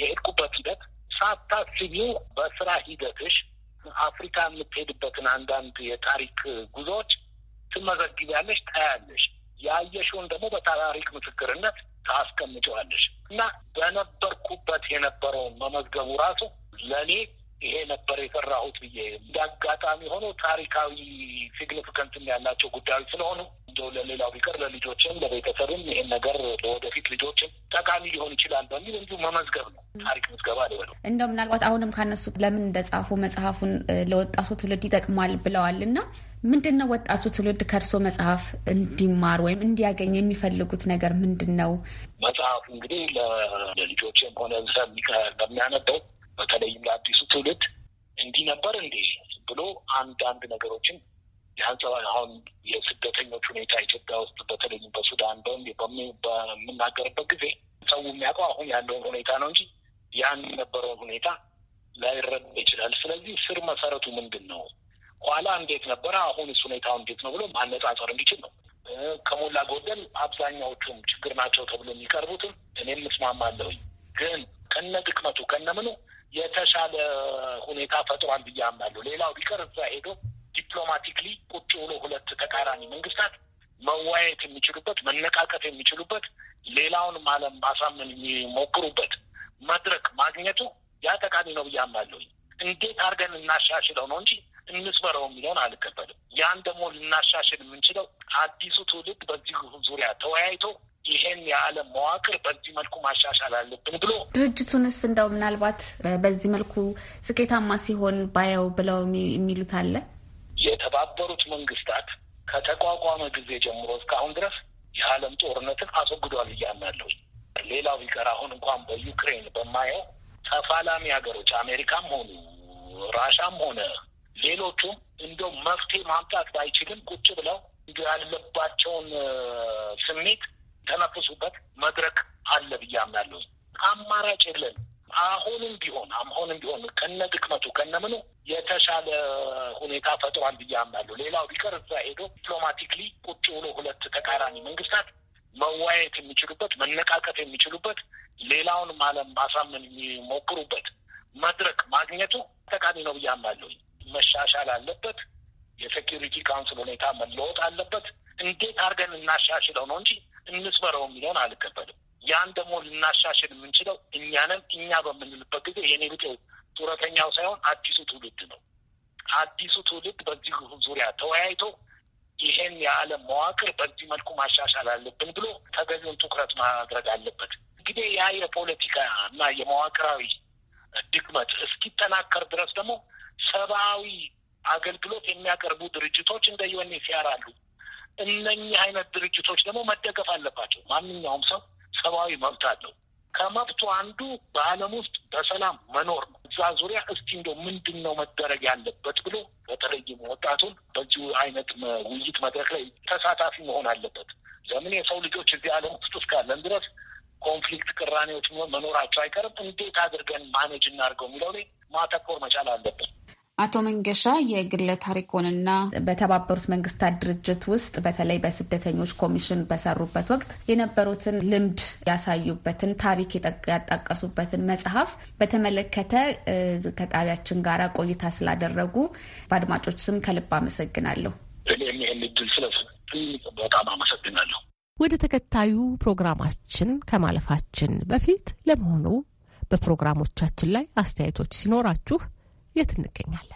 የሄድኩበት ሂደት ሳታስቢው በስራ ሂደትሽ አፍሪካ የምትሄድበትን አንዳንድ የታሪክ ጉዞዎች ትመዘግቢያለሽ፣ ታያለሽ። ያየሽውን ደግሞ በታሪክ ምስክርነት ታስቀምጨዋለሽ እና በነበርኩበት የነበረውን መመዝገቡ ራሱ ለእኔ ይሄ ነበር የሰራሁት ብዬ እንደ አጋጣሚ ሆኖ ታሪካዊ ሲግኒፊካንትም ያላቸው ጉዳዮች ስለሆኑ እንደው ለሌላው ቢቀር ለልጆችም ለቤተሰብም ይሄን ነገር ለወደፊት ልጆችም ጠቃሚ ሊሆን ይችላል በሚል እንዲሁ መመዝገብ ነው። ታሪክ ምዝገባ ሊበሉ እንደው ምናልባት አሁንም ካነሱት ለምን እንደጻፉ መጽሐፉን ለወጣቱ ትውልድ ይጠቅማል ብለዋል እና ምንድን ነው ወጣቱ ትውልድ ከእርሶ መጽሐፍ እንዲማር ወይም እንዲያገኝ የሚፈልጉት ነገር ምንድን ነው? መጽሐፉ እንግዲህ ለልጆችም ሆነ ለሚያነበው በተለይም ለአዲሱ ትውልድ እንዲህ ነበር እንዴ ብሎ አንዳንድ ነገሮችን የአንጸባ አሁን የስደተኞች ሁኔታ ኢትዮጵያ ውስጥ በተለይም በሱዳን በምናገርበት ጊዜ ሰው የሚያውቀው አሁን ያለውን ሁኔታ ነው እንጂ ያን የነበረውን ሁኔታ ላይረዳ ይችላል። ስለዚህ ስር መሰረቱ ምንድን ነው፣ ኋላ እንዴት ነበረ፣ አሁን እሱ ሁኔታው እንዴት ነው ብሎ ማነጻጸር እንዲችል ነው። ከሞላ ጎደል አብዛኛዎቹም ችግር ናቸው ተብሎ የሚቀርቡትም እኔም እስማማለሁኝ። ግን ከነ ድክመቱ ከነ ምኑ የተሻለ ሁኔታ ፈጥሯል ብዬ አምናለሁ። ሌላው ቢቀር እዛ ሄዶ ዲፕሎማቲክሊ ቁጭ ብሎ ሁለት ተቃራኒ መንግስታት መዋየት የሚችሉበት መነቃቀፍ የሚችሉበት ሌላውንም ዓለም ማሳመን የሚሞክሩበት መድረክ ማግኘቱ ያ ጠቃሚ ነው ብዬ አምናለሁ። እንዴት አድርገን እናሻሽለው ነው እንጂ እንስበረው የሚለውን አልቀበልም። ያን ደግሞ ልናሻሽል የምንችለው አዲሱ ትውልድ በዚህ ዙሪያ ተወያይቶ ይሄን የዓለም መዋቅር በዚህ መልኩ ማሻሻል አለብን ብሎ ድርጅቱንስ እንደው ምናልባት በዚህ መልኩ ስኬታማ ሲሆን ባየው ብለው የሚሉት አለ። የተባበሩት መንግስታት ከተቋቋመ ጊዜ ጀምሮ እስካሁን ድረስ የዓለም ጦርነትን አስወግዷል እያምናለሁ። ሌላው ቢቀር አሁን እንኳን በዩክሬን በማየው ተፋላሚ ሀገሮች አሜሪካም ሆኑ ራሻም ሆነ ሌሎቹም እንደው መፍትሄ ማምጣት ባይችልም ቁጭ ብለው ያለባቸውን ስሜት ተነፍሱበት መድረክ አለ ብዬ አምናለሁ። አማራጭ የለን። አሁንም ቢሆን አሁንም ቢሆን ከነ ድክመቱ ከነ ምኑ የተሻለ ሁኔታ ፈጥሯል ብዬ አምናለሁ። ሌላው ቢቀር እዛ ሄዶ ዲፕሎማቲክሊ ቁጭ ብሎ ሁለት ተቃራኒ መንግስታት መዋየት የሚችሉበት መነቃቀፍ የሚችሉበት ሌላውንም ዓለም ማሳመን የሚሞክሩበት መድረክ ማግኘቱ ጠቃሚ ነው ብዬ አምናለሁ። መሻሻል አለበት። የሴኪሪቲ ካውንስል ሁኔታ መለወጥ አለበት። እንዴት አድርገን እናሻሽለው ነው እንጂ እንስበረው የሚለውን አልቀበልም። ያን ደግሞ ልናሻሽል የምንችለው እኛንም እኛ በምንልበት ጊዜ የኔ ብጤው ጡረተኛው ሳይሆን አዲሱ ትውልድ ነው። አዲሱ ትውልድ በዚህ ዙሪያ ተወያይቶ ይሄን የዓለም መዋቅር በዚህ መልኩ ማሻሻል አለብን ብሎ ተገቢውን ትኩረት ማድረግ አለበት። እንግዲህ ያ የፖለቲካ እና የመዋቅራዊ ድክመት እስኪጠናከር ድረስ ደግሞ ሰብአዊ አገልግሎት የሚያቀርቡ ድርጅቶች እንደ ዩኤንኤችሲአር አሉ። እነኚህ አይነት ድርጅቶች ደግሞ መደገፍ አለባቸው። ማንኛውም ሰው ሰብአዊ መብት አለው። ከመብቱ አንዱ በዓለም ውስጥ በሰላም መኖር ነው። እዛ ዙሪያ እስቲ እንደው ምንድን ነው መደረግ ያለበት ብሎ በተለይም ወጣቱን በዚሁ አይነት ውይይት መድረክ ላይ ተሳታፊ መሆን አለበት። ለምን የሰው ልጆች እዚህ ዓለም ውስጥ እስካለን ድረስ ኮንፍሊክት፣ ቅራኔዎች መኖራቸው አይቀርም። እንዴት አድርገን ማኔጅ እናድርገው የሚለው ላይ ማተኮር መቻል አለብን። አቶ መንገሻ የግለ ታሪኮንና በተባበሩት መንግስታት ድርጅት ውስጥ በተለይ በስደተኞች ኮሚሽን በሰሩበት ወቅት የነበሩትን ልምድ ያሳዩበትን ታሪክ ያጣቀሱበትን መጽሐፍ በተመለከተ ከጣቢያችን ጋር ቆይታ ስላደረጉ በአድማጮች ስም ከልብ አመሰግናለሁ። እኔም ይህን ስለሰጡኝ በጣም አመሰግናለሁ። ወደ ተከታዩ ፕሮግራማችን ከማለፋችን በፊት ለመሆኑ በፕሮግራሞቻችን ላይ አስተያየቶች ሲኖራችሁ የት እንገኛለን?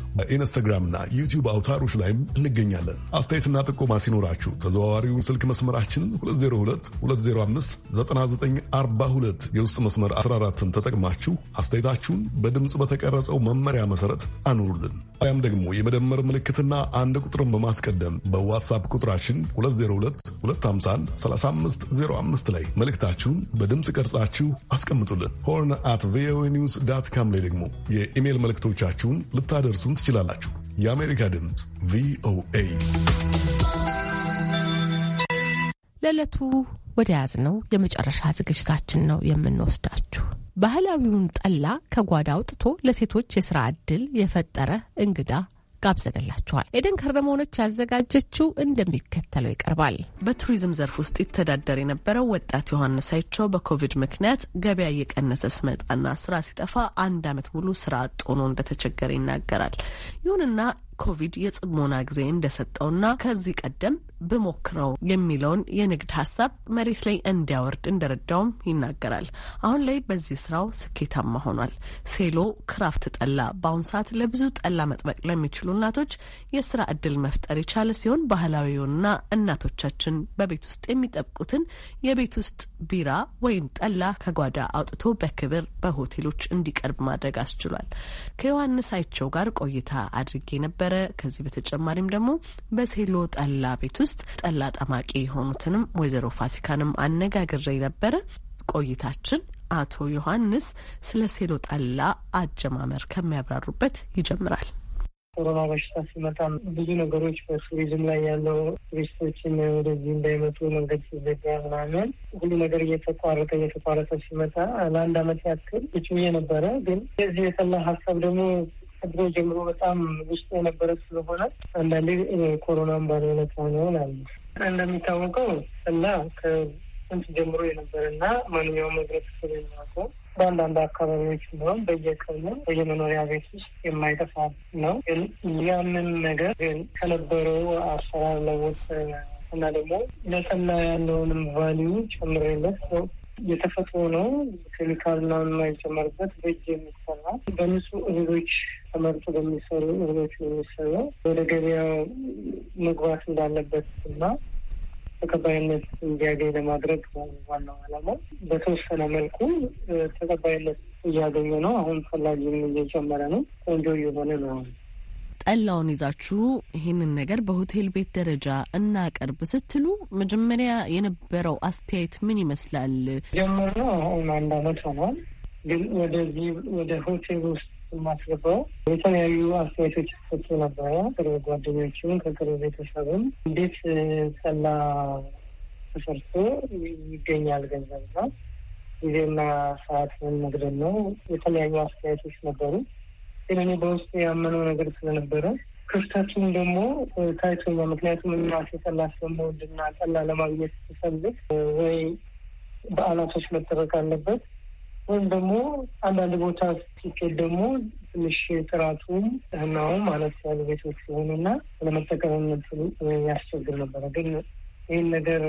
ኢንስታግራምና ዩቲዩብ አውታሮች ላይም እንገኛለን። አስተያየትና ጥቆማ ሲኖራችሁ ተዘዋዋሪው ስልክ መስመራችን 2022059942 የውስጥ መስመር 14ን ተጠቅማችሁ አስተያየታችሁን በድምፅ በተቀረጸው መመሪያ መሰረት አኑሩልን። ያም ደግሞ የመደመር ምልክትና አንድ ቁጥርን በማስቀደም በዋትሳፕ ቁጥራችን 2022513505 ላይ መልእክታችሁን በድምፅ ቀርጻችሁ አስቀምጡልን። ሆርን አት ቪኦኤ ኒውስ ዳት ካም ላይ ደግሞ የኢሜይል መልእክቶቻችሁን ልታደርሱን ትችላላችሁ። የአሜሪካ ድምፅ ቪኦኤ። ለዕለቱ ወደ ያዝነው የመጨረሻ ዝግጅታችን ነው የምንወስዳችሁ። ባህላዊውን ጠላ ከጓዳ አውጥቶ ለሴቶች የስራ ዕድል የፈጠረ እንግዳ ጋብዘንላችኋል። ኤደን ከረመው ያዘጋጀችው፣ እንደሚከተለው ይቀርባል። በቱሪዝም ዘርፍ ውስጥ ይተዳደር የነበረው ወጣት ዮሐንስ አይቸው በኮቪድ ምክንያት ገበያ እየቀነሰ ስመጣና ስራ ሲጠፋ አንድ አመት ሙሉ ስራ አጥ ሆኖ እንደተቸገረ ይናገራል። ይሁንና ኮቪድ የጽሞና ጊዜ እንደሰጠውና ከዚህ ቀደም ብሞክረው የሚለውን የንግድ ሀሳብ መሬት ላይ እንዲያወርድ እንደረዳውም ይናገራል። አሁን ላይ በዚህ ስራው ስኬታማ ሆኗል። ሴሎ ክራፍት ጠላ በአሁን ሰዓት ለብዙ ጠላ መጥበቅ ለሚችሉ እናቶች የስራ እድል መፍጠር የቻለ ሲሆን ባህላዊውና እናቶቻችን በቤት ውስጥ የሚጠብቁትን የቤት ውስጥ ቢራ ወይም ጠላ ከጓዳ አውጥቶ በክብር በሆቴሎች እንዲቀርብ ማድረግ አስችሏል። ከዮሐንስ አይቸው ጋር ቆይታ አድርጌ ነበር። ነበረ። ከዚህ በተጨማሪም ደግሞ በሴሎ ጠላ ቤት ውስጥ ጠላ ጠማቂ የሆኑትንም ወይዘሮ ፋሲካንም አነጋግሬ ነበረ። ቆይታችን አቶ ዮሐንስ ስለ ሴሎ ጠላ አጀማመር ከሚያብራሩበት ይጀምራል። ኮሮና በሽታ ሲመጣ ብዙ ነገሮች በቱሪዝም ላይ ያለው ቱሪስቶችን ወደዚህ እንዳይመጡ መንገድ ሲዘጋ ምናምን ሁሉ ነገር እየተቋረጠ እየተቋረጠ ሲመጣ ለአንድ ዓመት ያክል ቁጭ ነበረ። ግን የዚህ የጠላ ሀሳብ ደግሞ ከድሮ ጀምሮ በጣም ውስጥ የነበረ ስለሆነ አንዳንዴ ኮሮናን ባለነት ሆነውን አለ እንደሚታወቀው እና ከጥንት ጀምሮ የነበረ እና ማንኛውም ህብረተሰብ የሚያውቀው በአንዳንድ አካባቢዎች ቢሆን በየቀኑ በየመኖሪያ ቤት ውስጥ የማይጠፋ ነው። ግን ያንን ነገር ግን ከነበረው አሰራር ለውጥ እና ደግሞ ለሰና ያለውንም ቫሊዩ ጨምሬለት የተፈጥሮ ነው። ኬሚካል ና የማይጨመርበት በእጅ የሚሰራ በንጹህ እህሎች ተመርጦ በሚሰሩ እህሎች የሚሰራ ወደ ገበያ መግባት እንዳለበት እና ተቀባይነት እንዲያገኝ ለማድረግ ዋናው ዓላማው በተወሰነ መልኩ ተቀባይነት እያገኘ ነው። አሁን ፈላጊም እየጨመረ ነው። ቆንጆ እየሆነ ነው። ጠላውን ይዛችሁ ይህንን ነገር በሆቴል ቤት ደረጃ እናቀርብ ስትሉ መጀመሪያ የነበረው አስተያየት ምን ይመስላል? ጀምሮ አሁን አንድ አመት ሆኗል። ግን ወደዚህ ወደ ሆቴል ውስጥ የማስገባው የተለያዩ አስተያየቶች ሰጡ ነበረ። ቅርብ ጓደኞችም ከቅርብ ቤተሰብም እንዴት ጠላ ተሰርቶ ይገኛል ገንዘብና ጊዜና ሰዓት መግደል ነው። የተለያዩ አስተያየቶች ነበሩ። ግን እኔ በውስጥ ያመነው ነገር ስለነበረ ክፍተቱን ደግሞ ታይቶኛል። ምክንያቱም እናት የጠላት ለመወድና ጠላ ለማግኘት ስፈልግ ወይ በዓላቶች መጠበቅ አለበት ወይም ደግሞ አንዳንድ ቦታ ሲኬድ ደግሞ ትንሽ ጥራቱም ህናውም ማለት ያሉ ቤቶች ሲሆኑና ለመጠቀምነት ያስቸግር ነበረ። ግን ይህን ነገር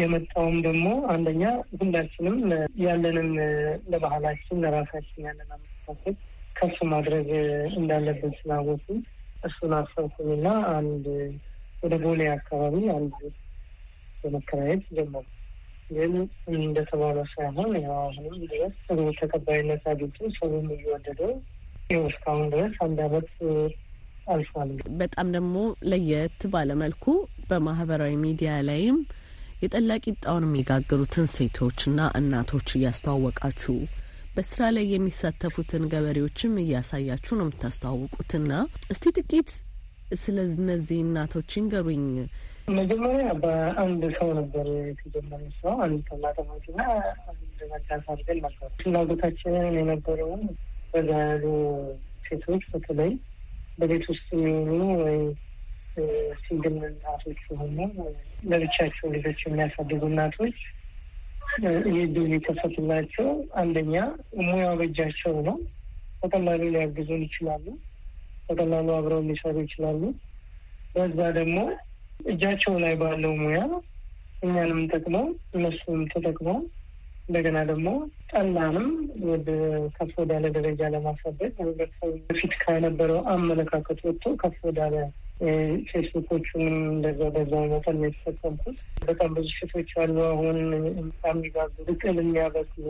የመጣውም ደግሞ አንደኛ ሁላችንም ያለንን ለባህላችን ለራሳችን ያለን አመለካከት ከፍ ማድረግ እንዳለብን ስላወቁ እሱን አሰብኩኝና አንድ ወደ ቦሌ አካባቢ አንድ በመከራየት ጀመሩ። ግን እንደተባለ ሳይሆን ያው አሁንም ድረስ ጥሩ ተቀባይነት አግኝቶ ሰውም እየወደደው ይኸው እስካሁን ድረስ አንድ አመት አልፏል። በጣም ደግሞ ለየት ባለመልኩ በማህበራዊ ሚዲያ ላይም የጠላ ቂጣውን የሚጋግሩትን ሴቶችና እናቶች እያስተዋወቃችሁ በስራ ላይ የሚሳተፉትን ገበሬዎችም እያሳያችሁ ነው የምታስተዋውቁትና እስቲ ጥቂት ስለ እነዚህ እናቶች ይንገሩኝ። መጀመሪያ በአንድ ሰው ነበር የተጀመረ ሰው አንድ ና አንድ መዳስ አድርገን ነበር። ፍላጎታችንን የነበረውን በዛ ያሉ ሴቶች በተለይ በቤት ውስጥ የሚሆኑ ወይ ሲንግል እናቶች የሆኑ ለብቻቸው ልጆች የሚያሳድጉ እናቶች የእድል የሚከፈትላቸው አንደኛ ሙያው በእጃቸው ነው። በቀላሉ ሊያግዙን ይችላሉ። በቀላሉ አብረው ሊሰሩ ይችላሉ። በዛ ደግሞ እጃቸው ላይ ባለው ሙያ እኛንም ጠቅመው እነሱም ተጠቅመው እንደገና ደግሞ ጠላንም ወደ ከፍ ወዳለ ደረጃ ለማሳደግ ህብረተሰቡ በፊት ከነበረው አመለካከት ወጥቶ ከፍ ወዳለ ፌስቡኮቹንም እንደዛ በዛ መጠን ነው የተጠቀምኩት። በጣም ብዙ ሴቶች አሉ። አሁን የሚጋዙ ብቅል የሚያበቅሉ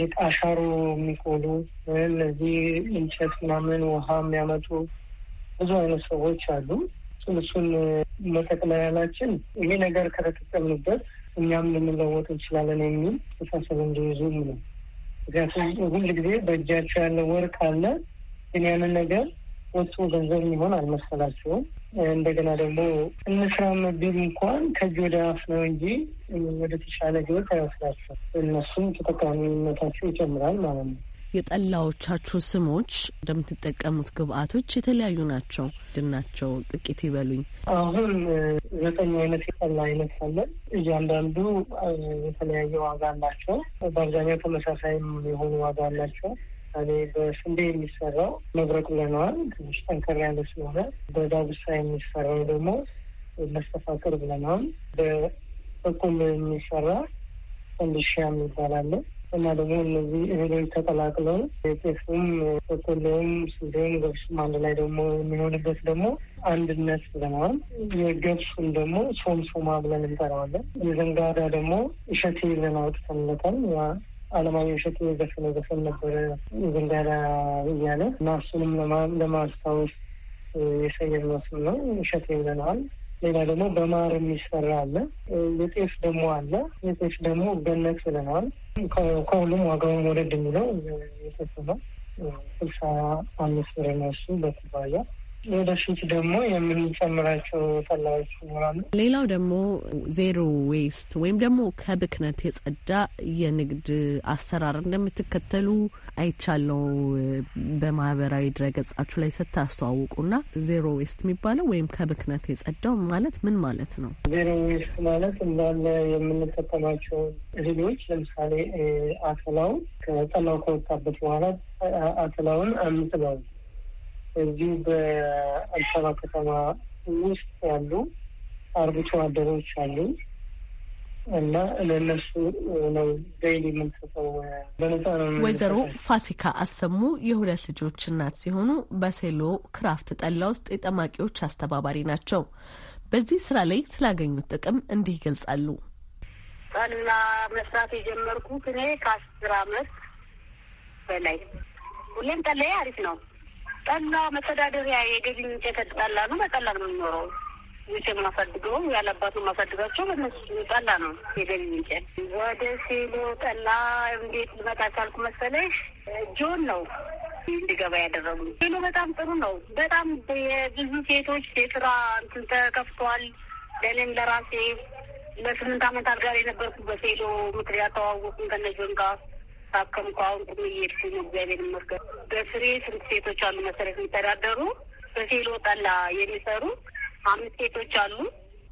የጣሻሮ የሚቆሉ እነዚህ እንጨት ምናምን ውሃ የሚያመጡ ብዙ አይነት ሰዎች አሉ። እሱን መጠቅለያላችን ይሄ ነገር ከተጠቀምንበት እኛም ልንለወጥ እንችላለን የሚል ተሳሰብ እንደይዙ ነው። ምክንያቱም ሁል ጊዜ በእጃቸው ያለ ወርቅ አለ ግን ያንን ነገር እሱ ገንዘብ የሚሆን አልመሰላቸውም። እንደገና ደግሞ እንስራም ቢል እንኳን ከእጅ ወደ አፍ ነው እንጂ ወደ ተሻለ ህይወት አይወስዳቸውም። እነሱም ተጠቃሚነታቸው ይጨምራል ማለት ነው። የጠላዎቻችሁ ስሞች እንደምትጠቀሙት ግብአቶች የተለያዩ ናቸው። ድናቸው ጥቂት ይበሉኝ። አሁን ዘጠኝ አይነት የጠላ አይነት አለን። እያንዳንዱ የተለያየ ዋጋ አላቸው። በአብዛኛው ተመሳሳይም የሆኑ ዋጋ አላቸው። ለምሳሌ በስንዴ የሚሰራው መብረቅ ብለነዋል፣ ትንሽ ጠንከር ያለ ስለሆነ። በዳጉሳ የሚሰራው ደግሞ መስተፋቅር ብለነዋል። በበቆሎ የሚሰራ ፈንዲሻ የሚባል እና ደግሞ እነዚህ እህሎች ተቀላቅለው የጤፍም በቆሎም፣ ስንዴም ገብሱም አንድ ላይ ደግሞ የሚሆንበት ደግሞ አንድነት ብለነዋል። የገብሱን ደግሞ ሶምሶማ ብለን እንጠራዋለን። የዘንጋዳ ደግሞ እሸቴ ብለን አውጥተንለታል። አለማየሁ እሸቱ የዘፈነ ዘፈን ነበረ ዝንዳዳ እያለ እና እሱንም ለማስታወስ የሰየር መስል ነው እሸት ይብለናል። ሌላ ደግሞ በማር የሚሰራ አለ። የጤፍ ደግሞ አለ። የጤፍ ደግሞ ገነት ብለናል። ከሁሉም ዋጋውን ወደድ የሚለው የጤፍ ነው። ስልሳ አምስት ብር ነው እሱ በኩባያ ወደፊት ደግሞ የምንጨምራቸው ፈላዎች ይኖራሉ። ሌላው ደግሞ ዜሮ ዌስት ወይም ደግሞ ከብክነት የጸዳ የንግድ አሰራር እንደምትከተሉ አይቻለው በማህበራዊ ድረገጻችሁ ላይ ስታስተዋውቁና ዜሮ ዌስት የሚባለው ወይም ከብክነት የጸዳው ማለት ምን ማለት ነው? ዜሮ ዌስት ማለት እንዳለ የምንጠቀማቸው እህሎች ለምሳሌ አተላውን ከጠላው ከወጣበት በኋላ አተላውን አንጥበው እዚህ በአዲስ አበባ ከተማ ውስጥ ያሉ አርብቶ አደሮች አሉ እና ለእነሱ ነው ዴይሊ የምንሰጠው በነጻ ነው። ወይዘሮ ፋሲካ አሰሙ የሁለት ልጆች እናት ሲሆኑ በሴሎ ክራፍት ጠላ ውስጥ የጠማቂዎች አስተባባሪ ናቸው። በዚህ ስራ ላይ ስላገኙት ጥቅም እንዲህ ይገልጻሉ። ጠላ መስራት የጀመርኩት እኔ ከአስር አመት በላይ ሁሌም ጠላዬ አሪፍ ነው ጠና መተዳደሪያ የገቢ ምንጭ ጠላ ነው። በጠላ ነው የምኖረው። ውጭ የማሳድገው ያለባት ነው የማሳድጋቸው በነሱ ጠላ ነው የገቢ ምንጭ። ወደ ሴሎ ጠላ እንዴት ልመጣ ቻልኩ መሰለሽ? ጆን ነው እንዲገባ ያደረጉ። ሴሎ በጣም ጥሩ ነው። በጣም የብዙ ሴቶች የስራ እንትን ተከፍቷል። ለእኔም ለራሴ ለስምንት አመት አልጋር የነበርኩ በሴሎ ምክር ያተዋወቁን ከነጆን ጋር ታከምኩ። አሁን ቁም እየሄድኩ ነው። እግዚአብሔር ይመስገን። በስሬ ስንት ሴቶች አሉ መሰረት የሚተዳደሩ በሴሎ ጠላ የሚሰሩ አምስት ሴቶች አሉ።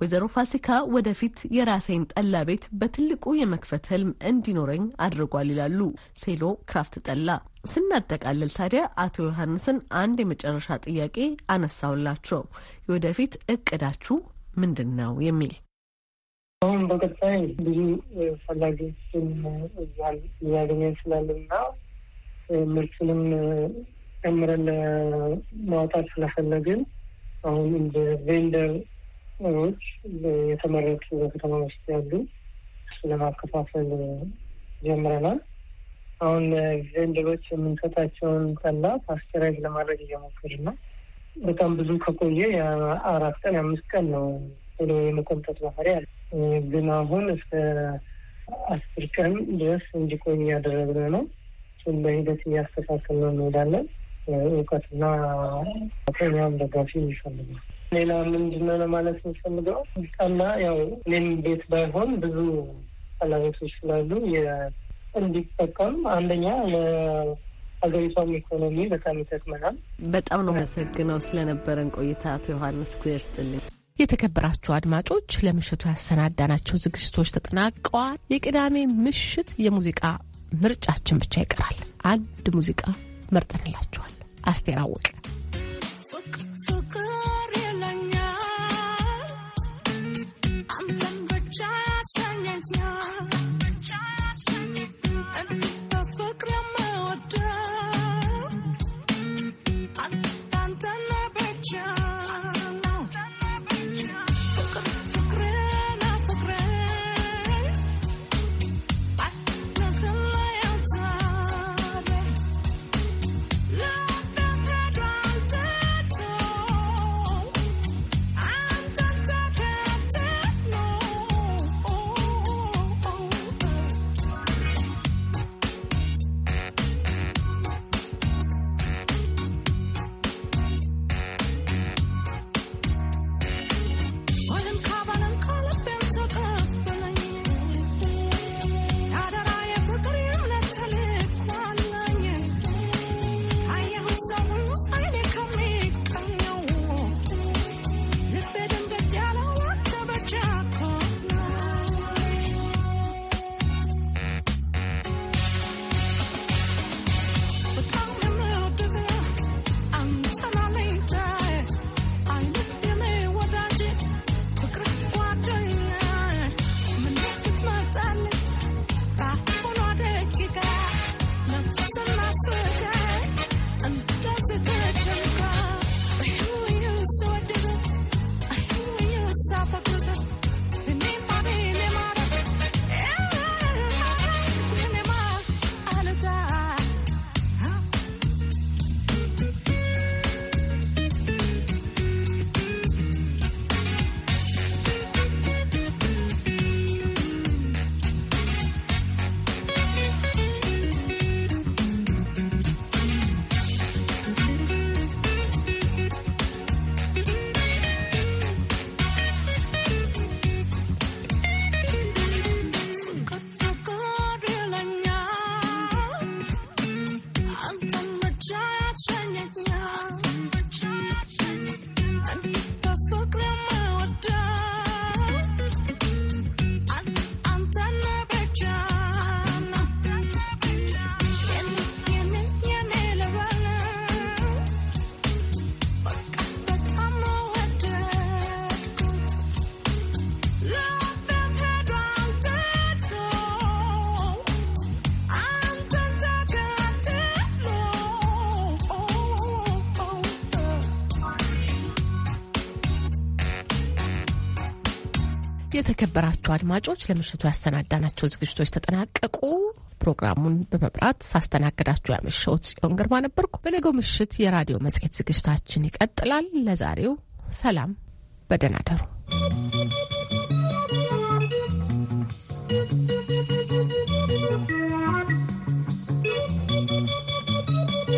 ወይዘሮ ፋሲካ ወደፊት የራሴን ጠላ ቤት በትልቁ የመክፈት ህልም እንዲኖረኝ አድርጓል ይላሉ። ሴሎ ክራፍት ጠላ ስናጠቃልል ታዲያ አቶ ዮሐንስን አንድ የመጨረሻ ጥያቄ አነሳውላቸው። የወደፊት እቅዳችሁ ምንድን ነው የሚል አሁን በቀጣይ ብዙ ፈላጊዎችን እያገኘን ስላለና ምርቱንም ጨምረን ለማውጣት ስለፈለግን አሁን እንደ ቬንደሮች የተመረቱ በከተማ ውስጥ ያሉ ለማከፋፈል ጀምረናል። አሁን ቬንደሮች የምንሰጣቸውን ጠላ ፓስቸራይዝ ለማድረግ እየሞከር ነው። በጣም ብዙ ከቆየ የአራት ቀን የአምስት ቀን ነው ብሎ የመቆምጠጥ ባህሪ አለ። ግን አሁን እስከ አስር ቀን ድረስ እንዲቆይ እያደረግን ነው። እሱን በሂደት እያስተካከልን እንሄዳለን። እውቀትና ከኛም ደጋፊ ይፈልጋል። ሌላ ምንድነው ለማለት የሚፈልገው ጠላ ያው እኔም ቤት ባይሆን ብዙ ፍላጎቶች ስላሉ እንዲጠቀም አንደኛ ለሀገሪቷም ኢኮኖሚ በጣም ይጠቅመናል። በጣም ነው መሰግነው ስለነበረን ቆይታ አቶ ዮሐንስ፣ እግዚአብሔር ስጥልኝ። የተከበራችሁ አድማጮች ለምሽቱ ያሰናዳናቸው ዝግጅቶች ተጠናቀዋል። የቅዳሜ ምሽት የሙዚቃ ምርጫችን ብቻ ይቀራል። አንድ ሙዚቃ መርጠንላችኋል። አስቴር አወቀ የተከበራችሁ አድማጮች ለምሽቱ ያሰናዳናቸው ዝግጅቶች ተጠናቀቁ። ፕሮግራሙን በመብራት ሳስተናግዳችሁ ያመሸሁት ጽዮን ግርማ ነበርኩ። በነገው ምሽት የራዲዮ መጽሔት ዝግጅታችን ይቀጥላል። ለዛሬው ሰላም፣ በደህና ደሩ።